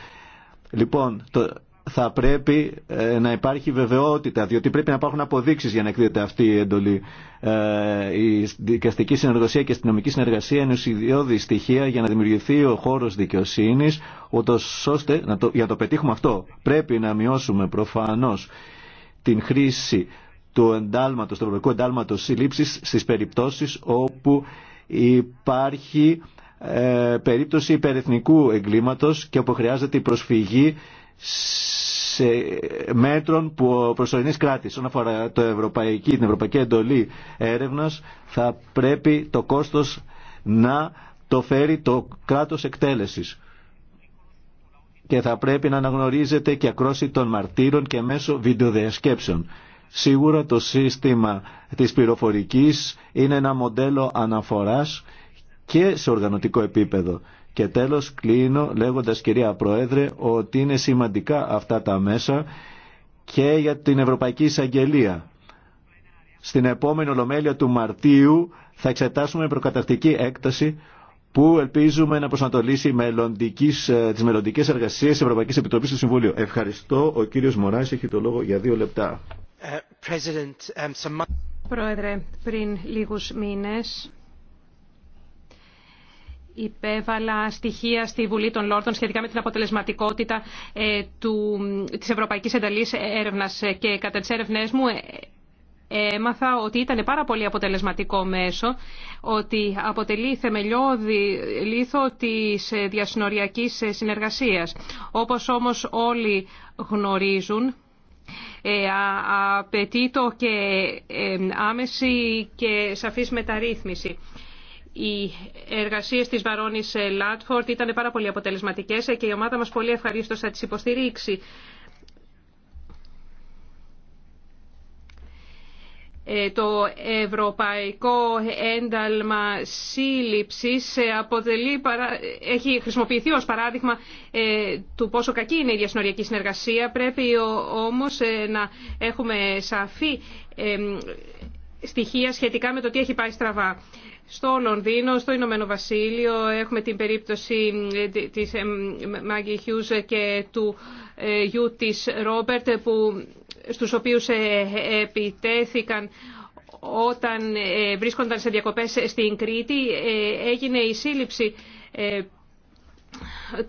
Λοιπόν, το, θα πρέπει ε, να υπάρχει βεβαιότητα, διότι πρέπει να υπάρχουν αποδείξεις για να εκδίδεται αυτή η εντολή. Ε, η δικαστική συνεργασία και η αστυνομική συνεργασία είναι ουσιαδιώδη στοιχεία για να δημιουργηθεί ο χώρος δικαιοσύνης, ούτως ώστε να το, για το πετύχουμε αυτό πρέπει να μειώσουμε προφανώς την χρήση του εντάλματος, του ευρωπαϊκού εντάλματος σύλληψης στις περιπτώσεις όπου υπάρχει ε, περίπτωση υπερεθνικού εγκλήματος και όπου χρειάζεται η προσφυγή σε μέτρων που προσωρινής κράτης. Όσον αφορά το ευρωπαϊκή, την ευρωπαϊκή εντολή έρευνας, θα πρέπει το κόστος να το φέρει το κράτος εκτέλεσης. Και θα πρέπει να αναγνωρίζεται και ακρόση των μαρτύρων και μέσω βιντεοδιασκέψεων. Σίγουρα το σύστημα της πληροφορικής είναι ένα μοντέλο αναφοράς και σε οργανωτικό επίπεδο. Και τέλος κλείνω λέγοντας κυρία Πρόεδρε ότι είναι σημαντικά αυτά τα μέσα και για την Ευρωπαϊκή Εισαγγελία. Στην επόμενη Ολομέλεια του Μαρτίου θα εξετάσουμε προκαταρκτική έκταση που ελπίζουμε να προσανατολίσει μελλοντικής, ε, τις μελλοντικές εργασίες της Ευρωπαϊκής Επιτροπής του Συμβουλίου. Ευχαριστώ. Ο κύριος Μωράς έχει το λόγο για δύο λεπτά. Ε, ε, Πρόεδρε, πριν λίγους μήνες υπέβαλα στοιχεία στη Βουλή των Λόρδων σχετικά με την αποτελεσματικότητα ε, του, της Ευρωπαϊκής Ενταλής Έρευνας και κατά τις έρευνές μου ε, έμαθα ότι ήταν πάρα πολύ αποτελεσματικό μέσο, ότι αποτελεί θεμελιώδη λίθο της διασυνοριακής συνεργασίας. Όπως όμως όλοι γνωρίζουν, ε, απαιτεί το και άμεση και σαφής μεταρρύθμιση. Οι εργασίε τη Βαρόνη Λάτφορντ ήταν πάρα πολύ αποτελεσματικέ και η ομάδα μα πολύ ευχαρίστω θα τι υποστηρίξει. Ε, το ευρωπαϊκό ένταλμα σύλληψης έχει χρησιμοποιηθεί ως παράδειγμα ε, του πόσο κακή είναι η διασυνοριακή συνεργασία. Πρέπει όμως ε, να έχουμε σαφή στοιχεία σχετικά με το τι έχει πάει στραβά. Στο Λονδίνο, στο Ηνωμένο Βασίλειο έχουμε την περίπτωση ε, της ε, Μάγκη Χιούς και του ε, γιου της Ρόμπερτ που, στους οποίους επιτέθηκαν όταν βρίσκονταν σε διακοπές στην Κρήτη. Έγινε η σύλληψη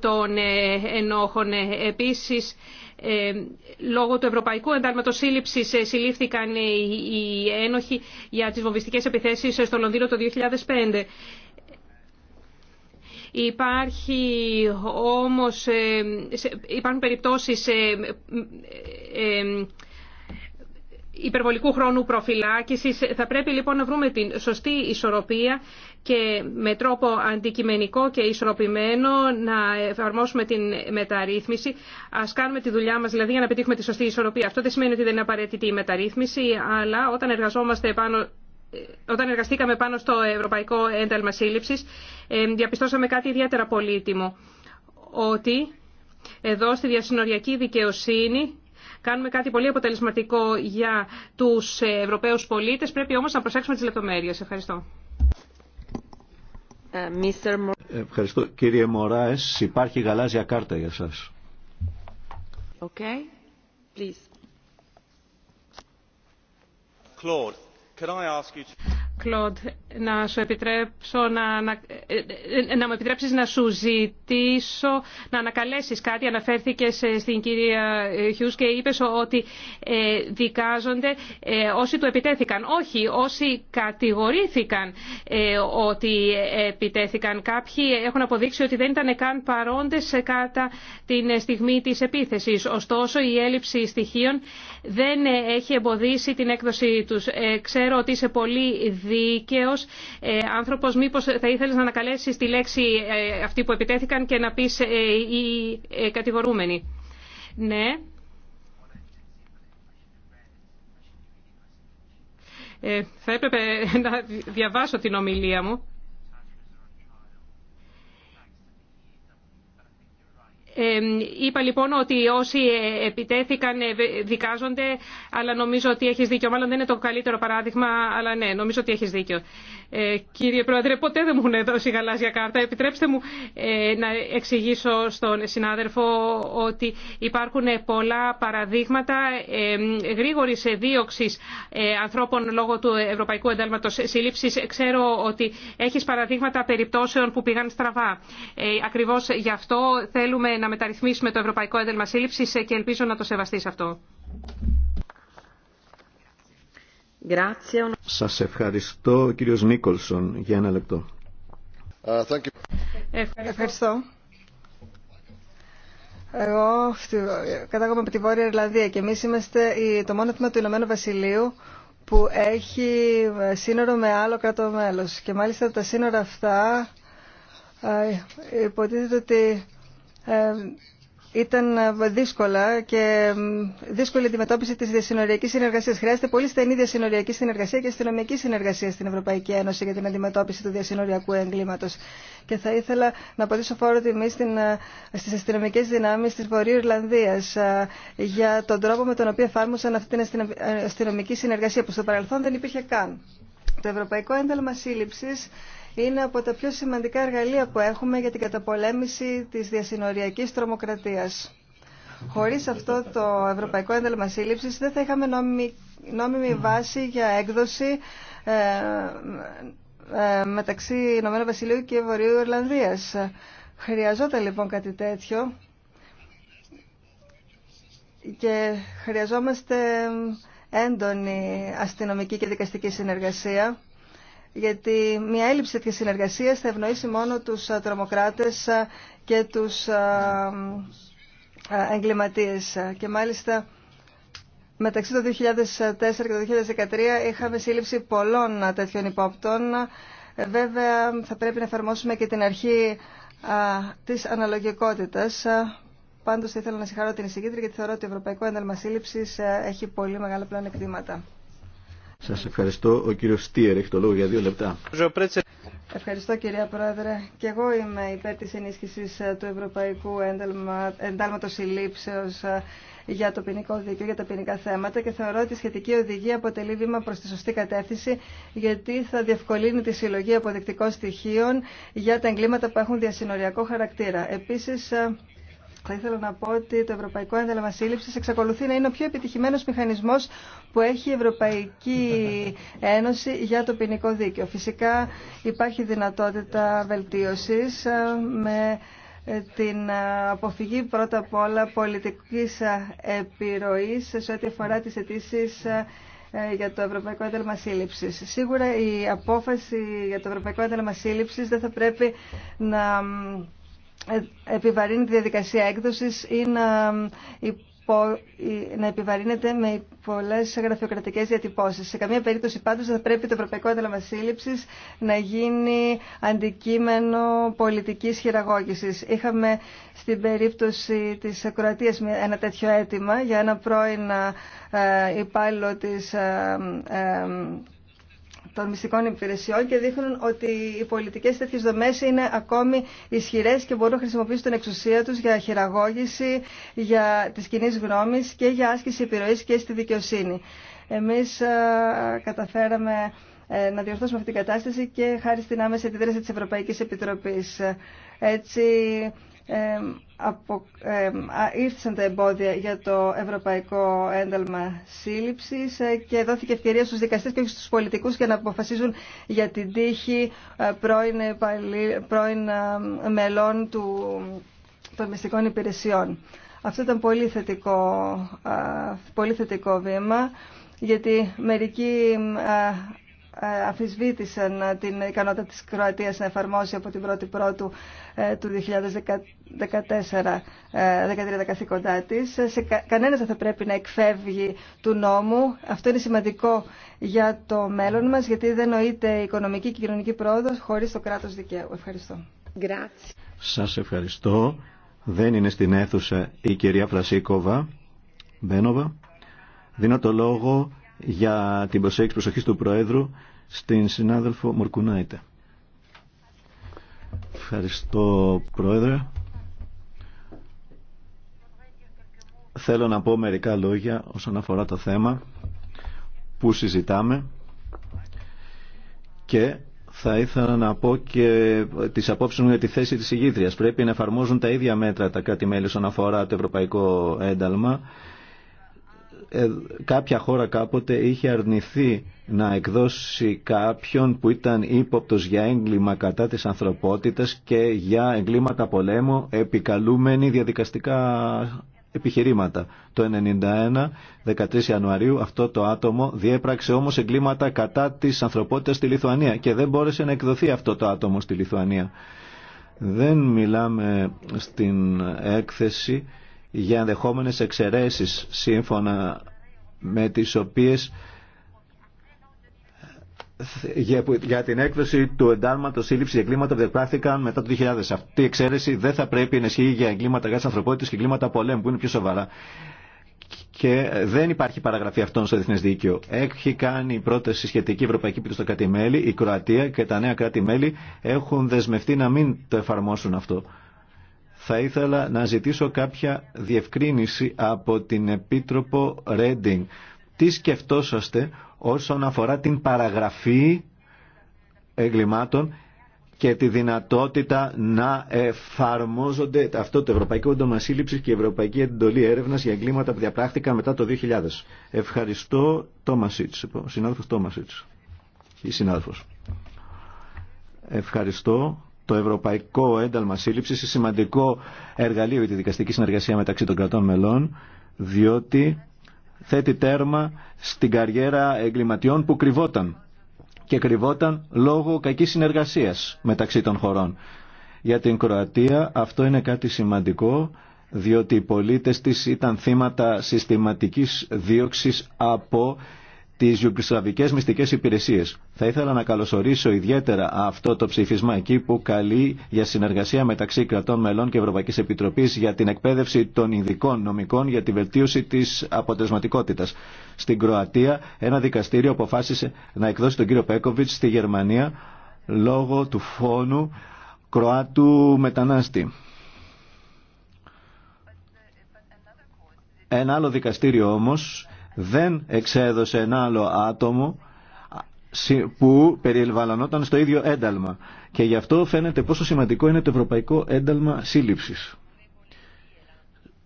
των ε, ενόχων. Ε, επίσης, ε, λόγω του Ευρωπαϊκού Εντάλματος Σύλληψης συλλήφθηκαν οι ένοχοι για τις βομβιστικές επιθέσεις στο Λονδίνο το 2005. Υπάρχει όμως, υπάρχουν περιπτώσεις υπερβολικού χρόνου προφυλάκησης. Θα πρέπει λοιπόν να βρούμε την σωστή ισορροπία και με τρόπο αντικειμενικό και ισορροπημένο να εφαρμόσουμε την μεταρρύθμιση. Α κάνουμε τη δουλειά μα δηλαδή για να πετύχουμε τη σωστή ισορροπία. Αυτό δεν σημαίνει ότι δεν είναι απαραίτητη η μεταρρύθμιση, αλλά όταν εργαζόμαστε πάνω όταν εργαστήκαμε πάνω στο Ευρωπαϊκό Ένταλμα Σύλληψης, ε, διαπιστώσαμε κάτι ιδιαίτερα πολύτιμο. Ότι εδώ στη διασυνοριακή δικαιοσύνη κάνουμε κάτι πολύ αποτελεσματικό για τους ε, Ευρωπαίους πολίτες. Πρέπει όμως να προσέξουμε τις λεπτομέρειες. Ευχαριστώ. Ε, Ευχαριστώ. Κύριε Μωράες, υπάρχει γαλάζια κάρτα για σας. Okay. Please. Claude, can I ask you to... Κλοντ, να σου επιτρέψω να, να, ε, να μου επιτρέψεις να σου ζητήσω να ανακαλέσεις κάτι. αναφέρθηκε ε, στην κυρία Χιούς ε, και είπες ότι δικάζονται όσοι του επιτέθηκαν. Όχι, όσοι κατηγορήθηκαν ότι επιτέθηκαν. Κάποιοι έχουν αποδείξει ότι δεν ήταν καν παρόντες κατά την στιγμή της επίθεσης. Ωστόσο, η έλλειψη στοιχείων δεν έχει εμποδίσει την έκδοση τους. ξέρω ότι είσαι πολύ δίκαιος ε, άνθρωπος. Μήπως θα ήθελες να ανακαλέσεις τη λέξη ε, αυτή που επιτέθηκαν και να πεις ε, οι κατηγορούμενοι. Ναι. Θα έπρεπε να διαβάσω την ομιλία μου. είπα λοιπόν ότι όσοι επιτέθηκαν ε, δικάζονται, αλλά νομίζω ότι έχεις δίκιο. Μάλλον δεν είναι το καλύτερο παράδειγμα, αλλά ναι, νομίζω ότι έχεις δίκιο. Ε, κύριε Πρόεδρε, ποτέ δεν μου έχουν δώσει γαλάζια κάρτα. Επιτρέψτε μου ε, να εξηγήσω στον συνάδελφο ότι υπάρχουν πολλά παραδείγματα ε, γρήγορη δίωξη ε, ανθρώπων λόγω του Ευρωπαϊκού Εντάλματο Σύλληψη. Ξέρω ότι έχει παραδείγματα περιπτώσεων που πήγαν στραβά. Ε, Ακριβώ γι' αυτό θέλουμε να μεταρρυθμίσουμε το Ευρωπαϊκό Ένταλμα Σύλληψη και ελπίζω να το σεβαστεί αυτό. Σας ευχαριστώ, κύριος Νίκολσον, για ένα λεπτό. Uh, ευχαριστώ. Εγώ κατάγομαι από τη Βόρεια Ιρλανδία και εμείς είμαστε το μόνο τμήμα του Ηνωμένου Βασιλείου που έχει ε, σύνορο με άλλο κράτο Και μάλιστα τα σύνορα αυτά ε, υποτίθεται ότι ε, ήταν ε, δύσκολα και δύσκολη αντιμετώπιση τη διασυνοριακή συνεργασία. Χρειάζεται πολύ στενή διασυνοριακή συνεργασία και αστυνομική συνεργασία στην Ευρωπαϊκή Ένωση για την αντιμετώπιση του διασυνοριακού εγκλήματο. Και θα ήθελα να απαντήσω φόρο τιμή ε, στι αστυνομικέ δυνάμει τη Βορείου Ιρλανδία ε, για τον τρόπο με τον οποίο εφάρμοσαν αυτή την αστυνομική συνεργασία που στο παρελθόν δεν υπήρχε καν. Το Ευρωπαϊκό Ένταλμα Σύλληψη είναι από τα πιο σημαντικά εργαλεία που έχουμε για την καταπολέμηση της διασυνοριακής τρομοκρατίας. Χωρίς αυτό το Ευρωπαϊκό Ένταλμα Σύλληψης δεν θα είχαμε νόμιμη, βάση για έκδοση ε, ε, μεταξύ Ηνωμένου Βασιλείου και Βορείου Ιρλανδίας. Χρειαζόταν λοιπόν κάτι τέτοιο και χρειαζόμαστε έντονη αστυνομική και δικαστική συνεργασία γιατί μια έλλειψη τέτοια συνεργασίας θα ευνοήσει μόνο τους τρομοκράτες και τους εγκληματίες. Και μάλιστα μεταξύ το 2004 και το 2013 είχαμε σύλληψη πολλών τέτοιων υπόπτων. Βέβαια θα πρέπει να εφαρμόσουμε και την αρχή της αναλογικότητας. Πάντως ήθελα να συγχαρώ την εισηγήτρια γιατί θεωρώ ότι το Ευρωπαϊκό Ένταλμα σύλληψη έχει πολύ μεγάλα πλέον εκτήματα. Σας ευχαριστώ. Ο κύριος Στίερ έχει το λόγο για δύο λεπτά. Ευχαριστώ κυρία Πρόεδρε. Και εγώ είμαι υπέρ της ενίσχυσης ε, του Ευρωπαϊκού Εντάλματος Συλλήψεως ε, για το ποινικό δίκαιο, για τα ποινικά θέματα και θεωρώ ότι η σχετική οδηγία αποτελεί βήμα προς τη σωστή κατεύθυνση γιατί θα διευκολύνει τη συλλογή αποδεικτικών στοιχείων για τα εγκλήματα που έχουν διασυνοριακό χαρακτήρα. Επίσης, ε, θα ήθελα να πω ότι το Ευρωπαϊκό Ένταλμα Σύλληψη εξακολουθεί να είναι ο πιο επιτυχημένο μηχανισμό που έχει η Ευρωπαϊκή Ένωση για το ποινικό δίκαιο. Φυσικά υπάρχει δυνατότητα βελτίωση ε, με ε, την ε, αποφυγή πρώτα απ' όλα πολιτικής επιρροής σε ό,τι αφορά τις αιτήσει για το Ευρωπαϊκό Ένταλμα Σύλληψη. Σίγουρα η απόφαση για το Ευρωπαϊκό Ένταλμα Σύλληψη δεν θα πρέπει να επιβαρύνει τη διαδικασία έκδοσης ή να, υπο, επιβαρύνεται με πολλές γραφειοκρατικές διατυπώσεις. Σε καμία περίπτωση πάντως θα πρέπει το Ευρωπαϊκό Ένταλμα Σύλληψης να γίνει αντικείμενο πολιτικής χειραγώγησης. Είχαμε στην περίπτωση της Κροατίας ένα τέτοιο αίτημα για ένα πρώην ε, υπάλληλο της ε, ε, των μυστικών υπηρεσιών και δείχνουν ότι οι πολιτικές τέτοιες δομές είναι ακόμη ισχυρές και μπορούν να χρησιμοποιήσουν την εξουσία τους για χειραγώγηση για της κοινή γνώμη και για άσκηση επιρροής και στη δικαιοσύνη. Εμείς καταφέραμε ε, να διορθώσουμε αυτή την κατάσταση και χάρη στην άμεση αντίδραση της Ευρωπαϊκής Επιτροπής. Έτσι απο, ήρθαν τα εμπόδια για το Ευρωπαϊκό Ένταλμα Σύλληψης ε, και δόθηκε ευκαιρία στους δικαστές και όχι στους πολιτικούς για να αποφασίζουν για την τύχη ε, πρώην, ε, μελών του, των μυστικών υπηρεσιών. Αυτό ήταν πολύ θετικό, πολύ θετικό βήμα γιατί μερικοί ε, αφισβήτησαν την ικανότητα της Κροατίας να εφαρμόσει από την 1η Πρώτου ε, του 2014 13 ε, καθήκοντά της. Σε κανένας δεν θα πρέπει να εκφεύγει του νόμου. Αυτό είναι σημαντικό για το μέλλον μας, γιατί δεν νοείται οικονομική και κοινωνική πρόοδος χωρίς το κράτος δικαίου. Ευχαριστώ. Σας ευχαριστώ. Δεν είναι στην αίθουσα η κυρία Φρασίκοβα. Μπένοβα. Δίνω το λόγο για την προσέγγιση προσοχής του Προέδρου στην συνάδελφο Μορκουνάιτε. Ευχαριστώ Πρόεδρε. Θέλω να πω μερικά λόγια όσον αφορά το θέμα που συζητάμε και θα ήθελα να πω και τις απόψεις μου για τη θέση της ηγήτριας. Πρέπει να εφαρμόζουν τα ίδια μέτρα τα κάτι μελη όσον αφορά το ευρωπαϊκό ένταλμα ε, κάποια χώρα κάποτε είχε αρνηθεί να εκδώσει κάποιον που ήταν ύποπτος για έγκλημα κατά της ανθρωπότητας και για εγκλήματα πολέμου επικαλούμενοι διαδικαστικά επιχειρήματα. Το 1991, 13 Ιανουαρίου, αυτό το άτομο διέπραξε όμως εγκλήματα κατά της ανθρωπότητας στη Λιθουανία και δεν μπόρεσε να εκδοθεί αυτό το άτομο στη Λιθουανία. Δεν μιλάμε στην έκθεση για ενδεχόμενες εξαιρέσεις σύμφωνα με τις οποίες για την έκδοση του εντάλματος σύλληψη εγκλήματα που διαπράχθηκαν μετά το 2000. Αυτή η εξαίρεση δεν θα πρέπει να ισχύει για εγκλήματα κατά ανθρωπότητας και εγκλήματα πολέμου που είναι πιο σοβαρά. Και δεν υπάρχει παραγραφή αυτών στο διεθνέ δίκαιο. Έχει κάνει η πρόταση σχετική Ευρωπαϊκή Πίτρο στο κρατη Η Κροατία και τα νέα κράτη-μέλη έχουν δεσμευτεί να μην το εφαρμόσουν αυτό θα ήθελα να ζητήσω κάποια διευκρίνηση από την Επίτροπο Ρέντινγκ. Τι σκεφτόσαστε όσον αφορά την παραγραφή εγκλημάτων και τη δυνατότητα να εφαρμόζονται αυτό το Ευρωπαϊκό Έντομα και η Ευρωπαϊκή Εντολή Έρευνα για εγκλήματα που διαπράχθηκαν μετά το 2000. Ευχαριστώ, Τόμασίτ, συνάδελφο Τόμασίτ. Ή συνάδελφο. Ευχαριστώ. Το Ευρωπαϊκό Ένταλμα Σύλληψη είναι σημαντικό εργαλείο για τη δικαστική συνεργασία μεταξύ των κρατών μελών, διότι θέτει τέρμα στην καριέρα εγκληματιών που κρυβόταν και κρυβόταν λόγω κακής συνεργασίας μεταξύ των χωρών. Για την Κροατία αυτό είναι κάτι σημαντικό διότι οι πολίτες της ήταν θύματα συστηματικής δίωξης από τι Ιουγκοσλαβικέ μυστικές υπηρεσίες. Θα ήθελα να καλωσορίσω ιδιαίτερα αυτό το ψηφισμά εκεί που καλεί για συνεργασία μεταξύ κρατών μελών και Ευρωπαϊκής Επιτροπής για την εκπαίδευση των ειδικών νομικών για τη βελτίωση της αποτελεσματικότητας. Στην Κροατία ένα δικαστήριο αποφάσισε να εκδώσει τον κύριο Πέκοβιτ στη Γερμανία λόγω του φόνου Κροάτου μετανάστη. Ένα άλλο δικαστήριο όμως δεν εξέδωσε ένα άλλο άτομο που περιελβαλανόταν στο ίδιο ένταλμα. Και γι' αυτό φαίνεται πόσο σημαντικό είναι το ευρωπαϊκό ένταλμα σύλληψης.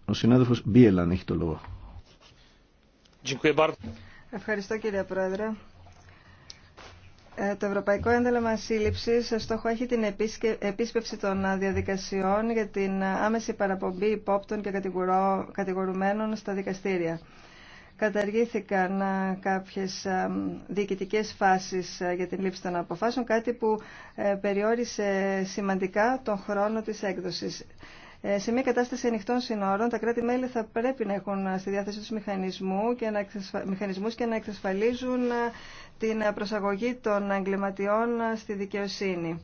Ο συνάδελφος Μπίελαν έχει το λόγο. Ευχαριστώ κύριε Πρόεδρε. Ε, το Ευρωπαϊκό Ένταλμα Σύλληψη ε, στόχο έχει την επίσπευση των ε, διαδικασιών για την άμεση παραπομπή υπόπτων και κατηγορουμένων στα δικαστήρια καταργήθηκαν ε, κάποιες ε, διοικητικές φάσεις ε, για την λήψη των αποφάσεων, κάτι που περιόρισε σημαντικά τον χρόνο της έκδοσης. Σε μια κατάσταση ανοιχτών συνόρων, τα κράτη-μέλη θα πρέπει να έχουν στη διάθεσή τους μηχανισμού και να μηχανισμούς και να εξασφαλίζουν την προσαγωγή των εγκληματιών στη δικαιοσύνη.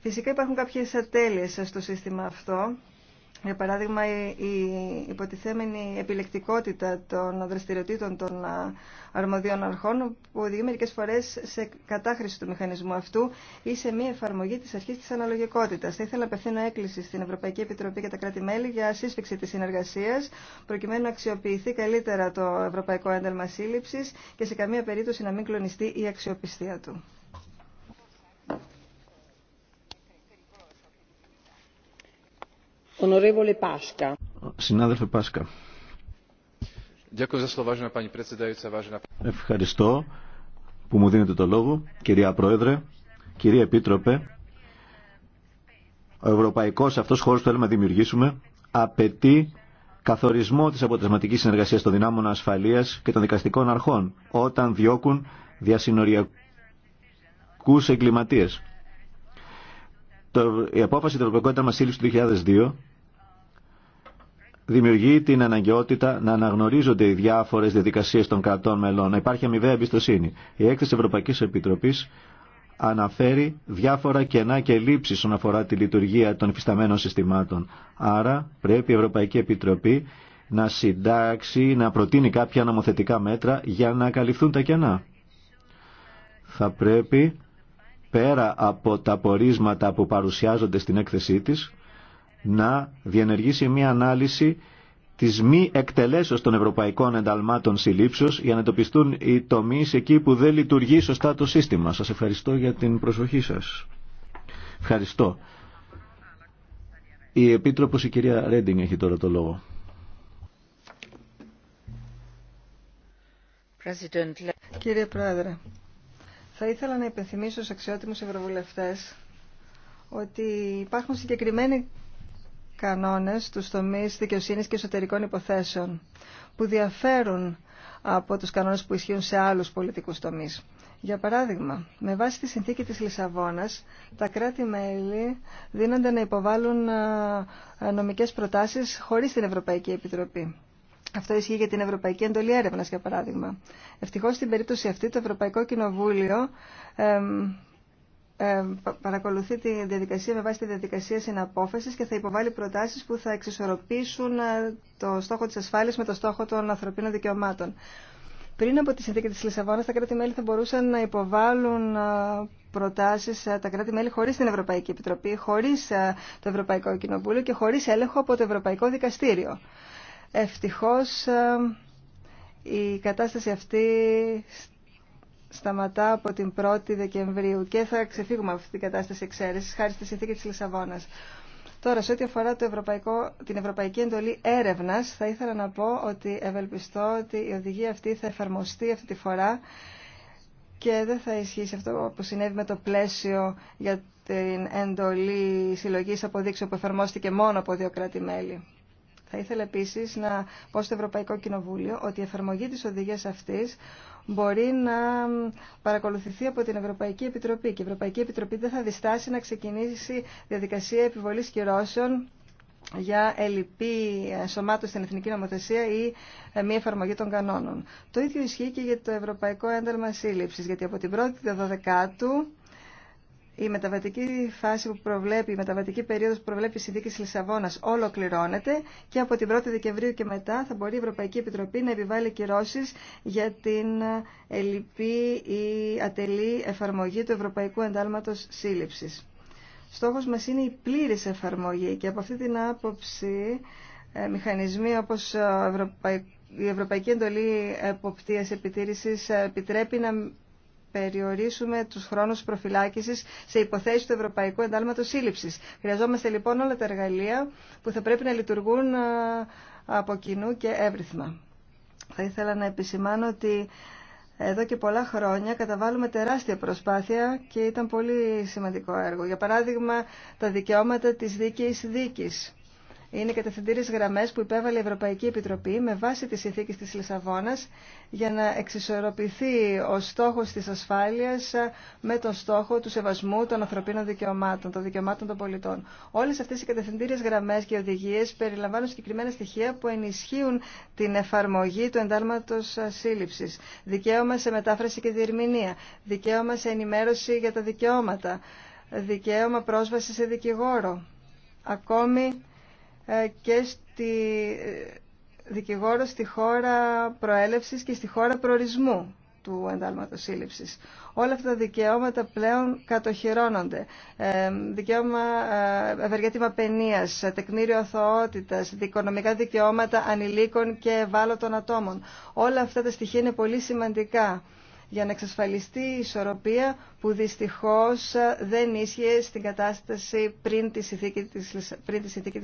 Φυσικά υπάρχουν κάποιες ατέλειες στο σύστημα αυτό για παράδειγμα, η υποτιθέμενη επιλεκτικότητα των δραστηριοτήτων των αρμοδίων αρχών που οδηγεί μερικέ φορές σε κατάχρηση του μηχανισμού αυτού ή σε μη εφαρμογή τη αρχή τη αναλογικότητα. Θα ήθελα να απευθύνω έκκληση στην Ευρωπαϊκή Επιτροπή και τα κράτη-μέλη για σύσφυξη τη συνεργασία προκειμένου να αξιοποιηθεί καλύτερα το Ευρωπαϊκό Ένταλμα Σύλληψη και σε καμία περίπτωση να μην κλονιστεί η αξιοπιστία του. Συνάδελφε Πάσκα. Ευχαριστώ που μου δίνετε το λόγο, κυρία Πρόεδρε, κυρία Επίτροπε. Ο ευρωπαϊκός αυτός χώρος που θέλουμε να δημιουργήσουμε απαιτεί καθορισμό της αποτελεσματικής συνεργασίας των δυνάμων ασφαλείας και των δικαστικών αρχών όταν διώκουν διασυνοριακούς εγκληματίες. Το, η απόφαση του Ευρωπαϊκού Ένταμα του 2002 δημιουργεί την αναγκαιότητα να αναγνωρίζονται οι διάφορε διαδικασίε των κρατών μελών, να υπάρχει αμοιβαία εμπιστοσύνη. Η έκθεση Ευρωπαϊκή Επιτροπή αναφέρει διάφορα κενά και λήψει όσον αφορά τη λειτουργία των υφισταμένων συστημάτων. Άρα πρέπει η Ευρωπαϊκή Επιτροπή να συντάξει, να προτείνει κάποια νομοθετικά μέτρα για να καλυφθούν τα κενά. Θα πρέπει πέρα από τα πορίσματα που παρουσιάζονται στην έκθεσή της, να διενεργήσει μια ανάλυση της μη εκτελέσεως των ευρωπαϊκών ενταλμάτων συλλήψεως για να εντοπιστούν οι τομείς εκεί που δεν λειτουργεί σωστά το σύστημα. Σας ευχαριστώ για την προσοχή σας. Ευχαριστώ. Η Επίτροπος η κυρία Ρέντινγκ έχει τώρα το λόγο. Κύριε Πρόεδρε, θα ήθελα να υπενθυμίσω στους αξιότιμους ευρωβουλευτές ότι υπάρχουν συγκεκριμένοι κανόνες στους τομείς δικαιοσύνης και εσωτερικών υποθέσεων που διαφέρουν από τους κανόνες που ισχύουν σε άλλους πολιτικούς τομείς. Για παράδειγμα, με βάση τη συνθήκη της Λισαβόνας, τα κράτη-μέλη δίνονται να υποβάλουν ε, νομικές προτάσεις χωρίς την Ευρωπαϊκή Επιτροπή. Αυτό ισχύει για την Ευρωπαϊκή Εντολή Έρευνα, για παράδειγμα. Ευτυχώ στην περίπτωση αυτή το Ευρωπαϊκό Κοινοβούλιο παρακολουθεί τη διαδικασία με βάση τη διαδικασία συναπόφαση και θα υποβάλει προτάσει που θα εξισορροπήσουν ε, το στόχο τη ασφάλεια με το στόχο των ανθρωπίνων δικαιωμάτων. Πριν από τη συνθήκη τη Λισαβόνα, τα κράτη-μέλη θα μπορούσαν να υποβάλουν ε, προτάσει ε, τα κράτη-μέλη χωρί την Ευρωπαϊκή Επιτροπή, χωρί το Ευρωπαϊκό Κοινοβούλιο και χωρί έλεγχο από το Ευρωπαϊκό Δικαστήριο. Ευτυχώς ε, η κατάσταση αυτή σταματά από την 1η Δεκεμβρίου και θα ξεφύγουμε από αυτή την κατάσταση εξαίρεσης χάρη στη συνθήκη της Λισαβόνας. Τώρα, σε ό,τι αφορά το ευρωπαϊκό, την Ευρωπαϊκή Εντολή Έρευνα, θα ήθελα να πω ότι ευελπιστώ ότι η οδηγία αυτή θα εφαρμοστεί αυτή τη φορά και δεν θα ισχύσει αυτό που συνέβη με το πλαίσιο για την εντολή συλλογή αποδείξεων που εφαρμόστηκε μόνο από δύο κράτη-μέλη. Θα ήθελα επίσης να πω στο Ευρωπαϊκό Κοινοβούλιο ότι η εφαρμογή τη οδηγία αυτής μπορεί να παρακολουθηθεί από την Ευρωπαϊκή Επιτροπή και η Ευρωπαϊκή Επιτροπή δεν θα διστάσει να ξεκινήσει διαδικασία επιβολής κυρώσεων για ελλειπή σωμάτωση στην εθνική νομοθεσία ή ε, μη εφαρμογή των κανόνων. Το ίδιο ισχύει και για το Ευρωπαϊκό Ένταλμα Σύλληψη, γιατί από την 1η 12 η μεταβατική φάση που προβλέπει, η μεταβατική περίοδος που προβλέπει η συνθήκη της Λισαβόνας ολοκληρώνεται και από την 1η Δεκεμβρίου και μετά θα μπορεί η Ευρωπαϊκή Επιτροπή να επιβάλλει κυρώσεις για την ελλειπή ή ατελή εφαρμογή του Ευρωπαϊκού Εντάλματος Σύλληψης. Στόχος μας είναι η πλήρης εφαρμογή και από αυτή την άποψη ε, μηχανισμοί όπως ε, η Ευρωπαϊκή Εντολή Εποπτείας Επιτήρησης ε, επιτρέπει να περιορίσουμε τους χρόνους προφυλάκηση σε υποθέσεις του Ευρωπαϊκού Εντάλματος Σύλληψη. Χρειαζόμαστε λοιπόν όλα τα εργαλεία που θα πρέπει να λειτουργούν ε, από κοινού και εύρυθμα. Θα ήθελα να επισημάνω ότι εδώ και πολλά χρόνια καταβάλουμε τεράστια προσπάθεια και ήταν πολύ σημαντικό έργο. Για παράδειγμα, τα δικαιώματα της δίκαιης δίκης είναι οι κατευθυντήριε γραμμέ που υπέβαλε η Ευρωπαϊκή Επιτροπή με βάση τη συνθήκη τη Λισαβόνα για να εξισορροπηθεί ο στόχο τη ασφάλεια με τον στόχο του σεβασμού των ανθρωπίνων δικαιωμάτων, των δικαιωμάτων των πολιτών. Όλε αυτέ οι κατευθυντήριε γραμμέ και οδηγίε περιλαμβάνουν συγκεκριμένα στοιχεία που ενισχύουν την εφαρμογή του εντάλματο σύλληψη. Δικαίωμα σε μετάφραση και διερμηνία. Δικαίωμα σε ενημέρωση για τα δικαιώματα. Δικαίωμα πρόσβαση σε δικηγόρο. Ακόμη ε, και στη ε, δικηγόρο στη χώρα προέλευσης και στη χώρα προορισμού του εντάλματος σύλληψης. Όλα αυτά τα δικαιώματα πλέον κατοχυρώνονται. Ε, δικαίωμα ευεργέτημα παινίας, τεκμήριο αθωότητας, δικονομικά δικαιώματα ανηλίκων και ευάλωτων ατόμων. Όλα αυτά τα στοιχεία είναι πολύ σημαντικά για να εξασφαλιστεί η ισορροπία που δυστυχώς δεν ίσχυε στην κατάσταση πριν τη συνθήκη της, πριν τη συνθήκη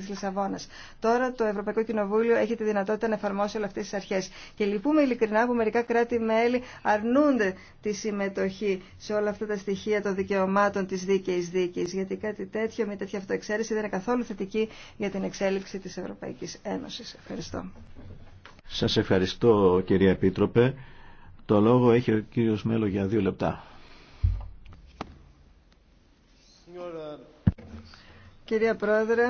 Τώρα το Ευρωπαϊκό Κοινοβούλιο έχει τη δυνατότητα να εφαρμόσει όλες αυτές τις αρχές. Και λυπούμε ειλικρινά που μερικά κράτη-μέλη αρνούνται τη συμμετοχή σε όλα αυτά τα στοιχεία των δικαιωμάτων της δίκαιης δίκης. Γιατί κάτι τέτοιο με τέτοια αυτοεξαίρεση δεν είναι καθόλου θετική για την εξέλιξη της Ευρωπαϊκής Ένωσης. Ευχαριστώ. Σας ευχαριστώ κυρία Επίτροπε. Το λόγο έχει ο κύριος Μέλο για δύο λεπτά. Κυρία Πρόεδρε,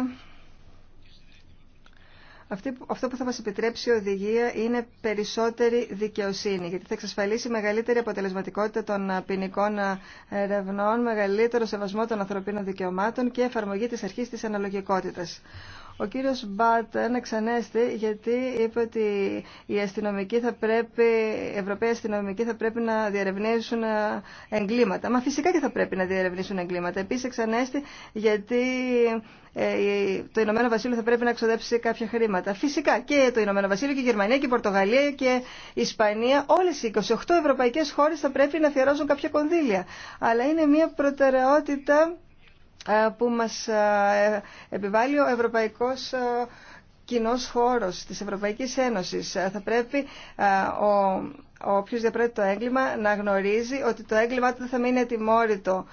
αυτό που θα μας επιτρέψει η οδηγία είναι περισσότερη δικαιοσύνη, γιατί θα εξασφαλίσει μεγαλύτερη αποτελεσματικότητα των ε, ποινικών ε, ερευνών, μεγαλύτερο σεβασμό των ανθρωπίνων δικαιωμάτων και εφαρμογή της αρχής της αναλογικότητας. Ο κύριος Μπάτεν εξανέστη γιατί είπε ότι οι αστυνομικοί θα πρέπει, οι Ευρωπαίοι αστυνομικοί θα πρέπει να διαρευνήσουν ε, εγκλήματα. Μα φυσικά και θα πρέπει να διαρευνήσουν εγκλήματα. Επίσης εξανέστη γιατί ε, το Ηνωμένο Βασίλειο θα πρέπει να ξοδέψει κάποια χρήματα. Φυσικά και το Ηνωμένο Βασίλειο και η Γερμανία και η Πορτογαλία και η Ισπανία, όλες οι 28 ευρωπαϊκές χώρες θα πρέπει να αφιερώσουν κάποια κονδύλια. Αλλά είναι μια προτεραιότητα ε, που μας ε, επιβάλλει ο Ευρωπαϊκός ε, Κοινός Χώρος της Ευρωπαϊκής Ένωσης. Θα πρέπει ο όποιο διαπρέπει το έγκλημα να γνωρίζει ότι το έγκλημά του δεν θα μείνει ατιμόρυτο.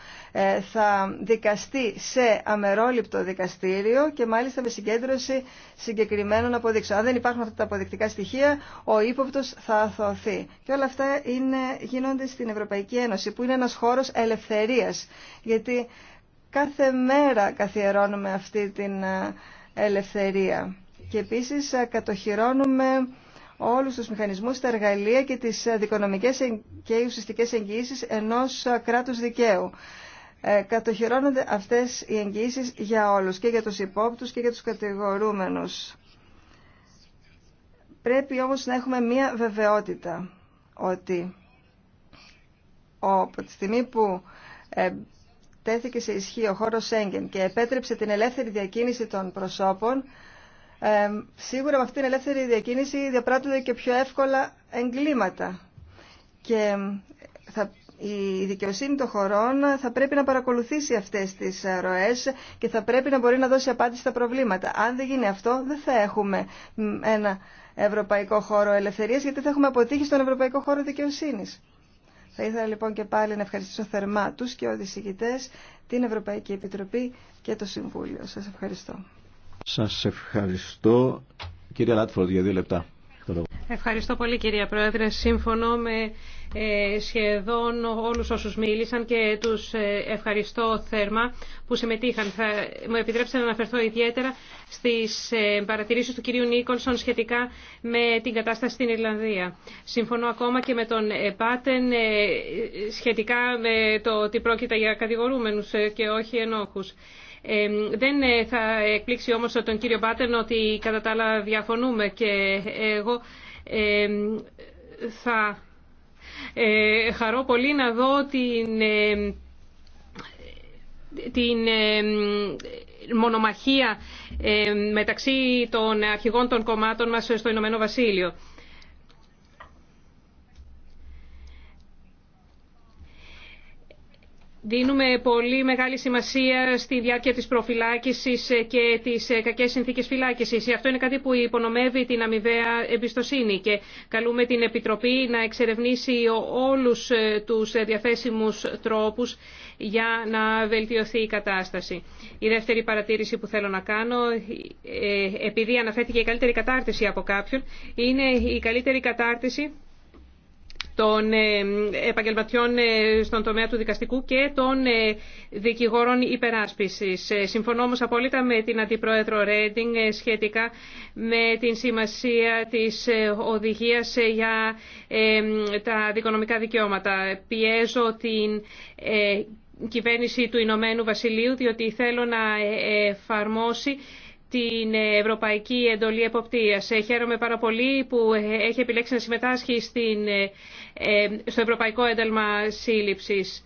θα δικαστεί σε αμερόληπτο δικαστήριο και μάλιστα με συγκέντρωση συγκεκριμένων αποδείξεων. Αν δεν υπάρχουν αυτά τα αποδεικτικά στοιχεία, ο ύποπτο θα αθωωθεί. Και όλα αυτά είναι, γίνονται στην Ευρωπαϊκή Ένωση, που είναι ένα χώρο ελευθερία. Γιατί Κάθε μέρα καθιερώνουμε αυτή την ε, ελευθερία και επίσης ε, κατοχυρώνουμε όλους τους μηχανισμούς, τα εργαλεία και τις ε, δικονομικές και ουσιαστικές εγγυήσεις ενός κράτους δικαίου. κατοχυρώνονται αυτές οι εγγυήσεις για όλους, και για τους υπόπτους και για τους κατηγορούμενους. Πρέπει όμως να έχουμε μία βεβαιότητα ότι από τη στιγμή που τέθηκε σε ισχύ ο χώρος Σέγγεν και επέτρεψε την ελεύθερη διακίνηση των προσώπων, σίγουρα με αυτήν την ελεύθερη διακίνηση διαπράττονται και πιο εύκολα εγκλήματα. Και θα η δικαιοσύνη των χωρών θα πρέπει να παρακολουθήσει αυτές τις ε, ροές και θα πρέπει να μπορεί να δώσει απάντηση στα προβλήματα. Αν δεν γίνει αυτό, δεν θα έχουμε ένα ευρωπαϊκό χώρο ελευθερίας, γιατί θα έχουμε αποτύχει στον ευρωπαϊκό χώρο δικαιοσύνης. Θα ήθελα λοιπόν και πάλι να ευχαριστήσω θερμά τους και τους την Ευρωπαϊκή Επιτροπή και το Συμβούλιο. Σας ευχαριστώ. Σας ευχαριστώ. Κύριε Λάτφορντ για δύο λεπτά. Ευχαριστώ πολύ κυρία Πρόεδρε. Σύμφωνο με ε, σχεδόν όλους όσους μίλησαν και τους ε, ευχαριστώ θέρμα που συμμετείχαν. Θα μου επιτρέψετε να αναφερθώ ιδιαίτερα στις ε, παρατηρήσεις του κυρίου Νίκολσον σχετικά με την κατάσταση στην Ιρλανδία. Συμφωνώ ακόμα και με τον Πάτεν σχετικά με το ότι πρόκειται για κατηγορούμενους και όχι ενόχους δεν ε, θα εκπλήξει όμως τον κύριο Μπάτεν ότι κατά τα άλλα διαφωνούμε και εγώ θα ε, χαρώ πολύ να δω την, ε, την μονομαχία μεταξύ των αρχηγών των κομμάτων μας στο Ηνωμένο Βασίλειο. Δίνουμε πολύ μεγάλη σημασία στη διάρκεια της προφυλάκησης και τις κακές συνθήκες φυλάκησης. Αυτό είναι κάτι που υπονομεύει την αμοιβαία εμπιστοσύνη και καλούμε την Επιτροπή να εξερευνήσει όλους τους διαθέσιμους τρόπους για να βελτιωθεί η κατάσταση. Η δεύτερη παρατήρηση που θέλω να κάνω, ε, επειδή αναφέρθηκε η καλύτερη κατάρτιση από κάποιον, είναι η καλύτερη κατάρτιση των ε, επαγγελματιών ε, στον τομέα του δικαστικού και των ε, δικηγόρων υπεράσπισης. Συμφωνώ όμως απόλυτα με την Αντιπρόεδρο Ρέντινγκ σχετικά με την σημασία της οδηγίας για τα δικονομικά δικαιώματα. Πιέζω την κυβέρνηση του Ηνωμένου Βασιλείου διότι θέλω να εφαρμόσει την Ευρωπαϊκή Εντολή Εποπτείας. Ε, χαίρομαι πάρα πολύ που ε, έχει επιλέξει να συμμετάσχει στην, ε, στο Ευρωπαϊκό Ένταλμα Σύλληψης.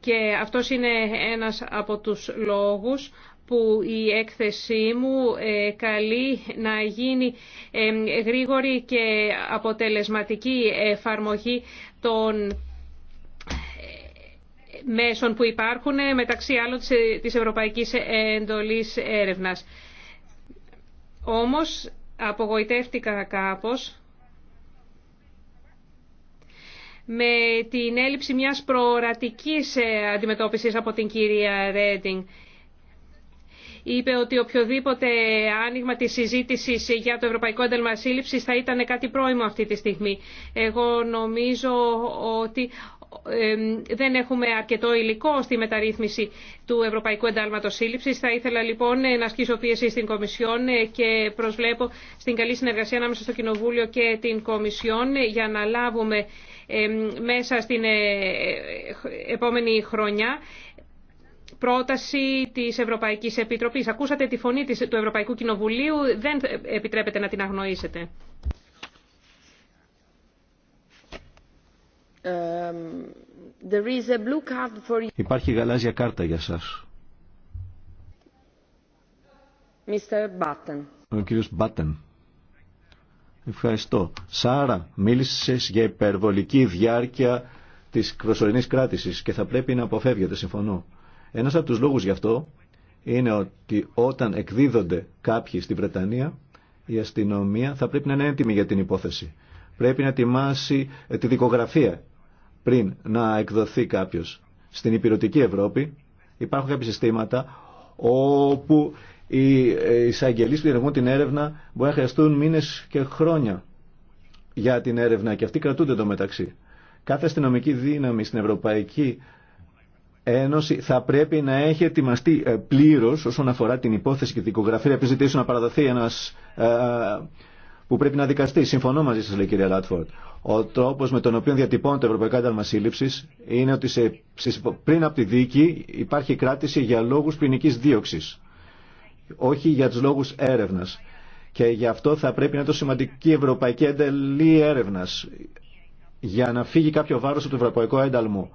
Και αυτό είναι ένας από τους λόγους που η έκθεσή μου καλεί να γίνει γρήγορη και αποτελεσματική εφαρμογή των μέσων που υπάρχουν, μεταξύ άλλων της Ευρωπαϊκής Εντολής Έρευνας. Όμως απογοητεύτηκα κάπως με την έλλειψη μιας προορατικής ε, αντιμετώπισης από την κυρία Ρέντινγκ. Είπε ότι οποιοδήποτε άνοιγμα της συζήτησης για το Ευρωπαϊκό Ένταλμα θα ήταν κάτι πρόημο αυτή τη στιγμή. Εγώ νομίζω ότι δεν έχουμε αρκετό υλικό στη μεταρρύθμιση του Ευρωπαϊκού Εντάλματος Σύλληψης. Θα ήθελα λοιπόν να ασκήσω πίεση στην Κομισιόν και προσβλέπω στην καλή συνεργασία ανάμεσα στο Κοινοβούλιο και την Κομισιόν για να λάβουμε μέσα στην ε, επόμενη χρονιά πρόταση της Ευρωπαϊκής Επιτροπής. Ακούσατε τη φωνή του Ευρωπαϊκού Κοινοβουλίου, δεν επιτρέπετε να την αγνοήσετε. Um, Υπάρχει γαλάζια κάρτα για σας. Mr. Button. Ο κύριος Μπάτεν. Ευχαριστώ. Σάρα, μίλησες για υπερβολική διάρκεια της προσωρινής κράτησης και θα πρέπει να αποφεύγεται, συμφωνώ. Ένας από τους λόγους γι' αυτό είναι ότι όταν εκδίδονται κάποιοι στη Βρετανία, η αστυνομία θα πρέπει να είναι έτοιμη για την υπόθεση. Πρέπει να ετοιμάσει ε, τη δικογραφία πριν να εκδοθεί κάποιο Στην υπηρετική Ευρώπη υπάρχουν κάποια συστήματα όπου οι ε, εισαγγελίε που διενεργούν την έρευνα μπορεί να χρειαστούν μήνε και χρόνια για την έρευνα και αυτοί κρατούνται το μεταξύ. Κάθε αστυνομική δύναμη στην Ευρωπαϊκή Ένωση θα πρέπει να έχει ετοιμαστεί ε, πλήρω όσον αφορά την υπόθεση και την δικογραφία που ζητήσουν να παραδοθεί ένα ε, που πρέπει να δικαστεί. Συμφωνώ μαζί σα, λέει κυρία Λάτφορντ. Ο τρόπο με τον οποίο διατυπώνεται το Ευρωπαϊκό Ένταλμα Σύλληψη είναι ότι σε, πριν από τη δίκη υπάρχει κράτηση για λόγου ποινική δίωξη. Όχι για του λόγου έρευνα. Και γι' αυτό θα πρέπει να είναι το σημαντική Ευρωπαϊκή Εντελή Έρευνα. Για να φύγει κάποιο βάρο από το Ευρωπαϊκό Ένταλμο.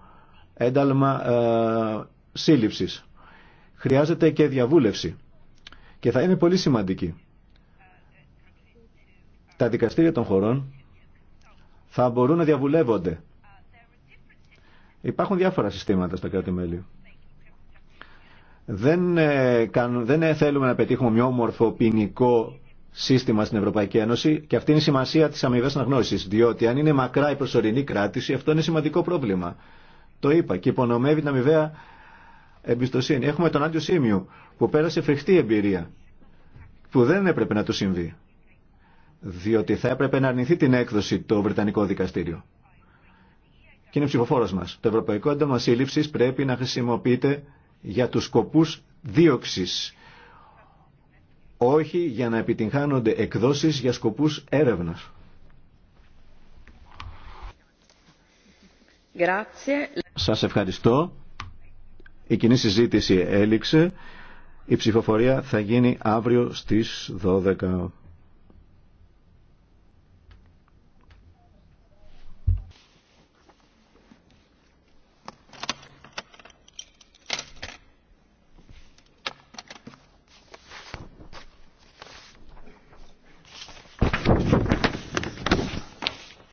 Ένταλμα ε, σύλληψη. Χρειάζεται και διαβούλευση. Και θα είναι πολύ σημαντική. Τα δικαστήρια των χωρών θα μπορούν να διαβουλεύονται. Υπάρχουν διάφορα συστήματα στα κράτη-μέλη. Δεν, ε, δεν ε, θέλουμε να πετύχουμε όμορφο ποινικό σύστημα στην Ευρωπαϊκή Ένωση και αυτή είναι η σημασία της αμοιβή αναγνώριση. Διότι αν είναι μακρά η προσωρινή κράτηση, αυτό είναι σημαντικό πρόβλημα. Το είπα και υπονομεύει την αμοιβαία εμπιστοσύνη. Έχουμε τον Άντιο Σίμιου που πέρασε φρικτή εμπειρία που δεν έπρεπε να του συμβεί διότι θα έπρεπε να αρνηθεί την έκδοση το Βρετανικό Δικαστήριο. Και είναι ψηφοφόρο μα. Το Ευρωπαϊκό Έντομα Σύλληψη πρέπει να χρησιμοποιείται για του σκοπού δίωξη. Όχι για να επιτυγχάνονται εκδόσεις για σκοπούς έρευνας. Σας ευχαριστώ. Η κοινή συζήτηση έληξε. Η ψηφοφορία θα γίνει αύριο στις 12.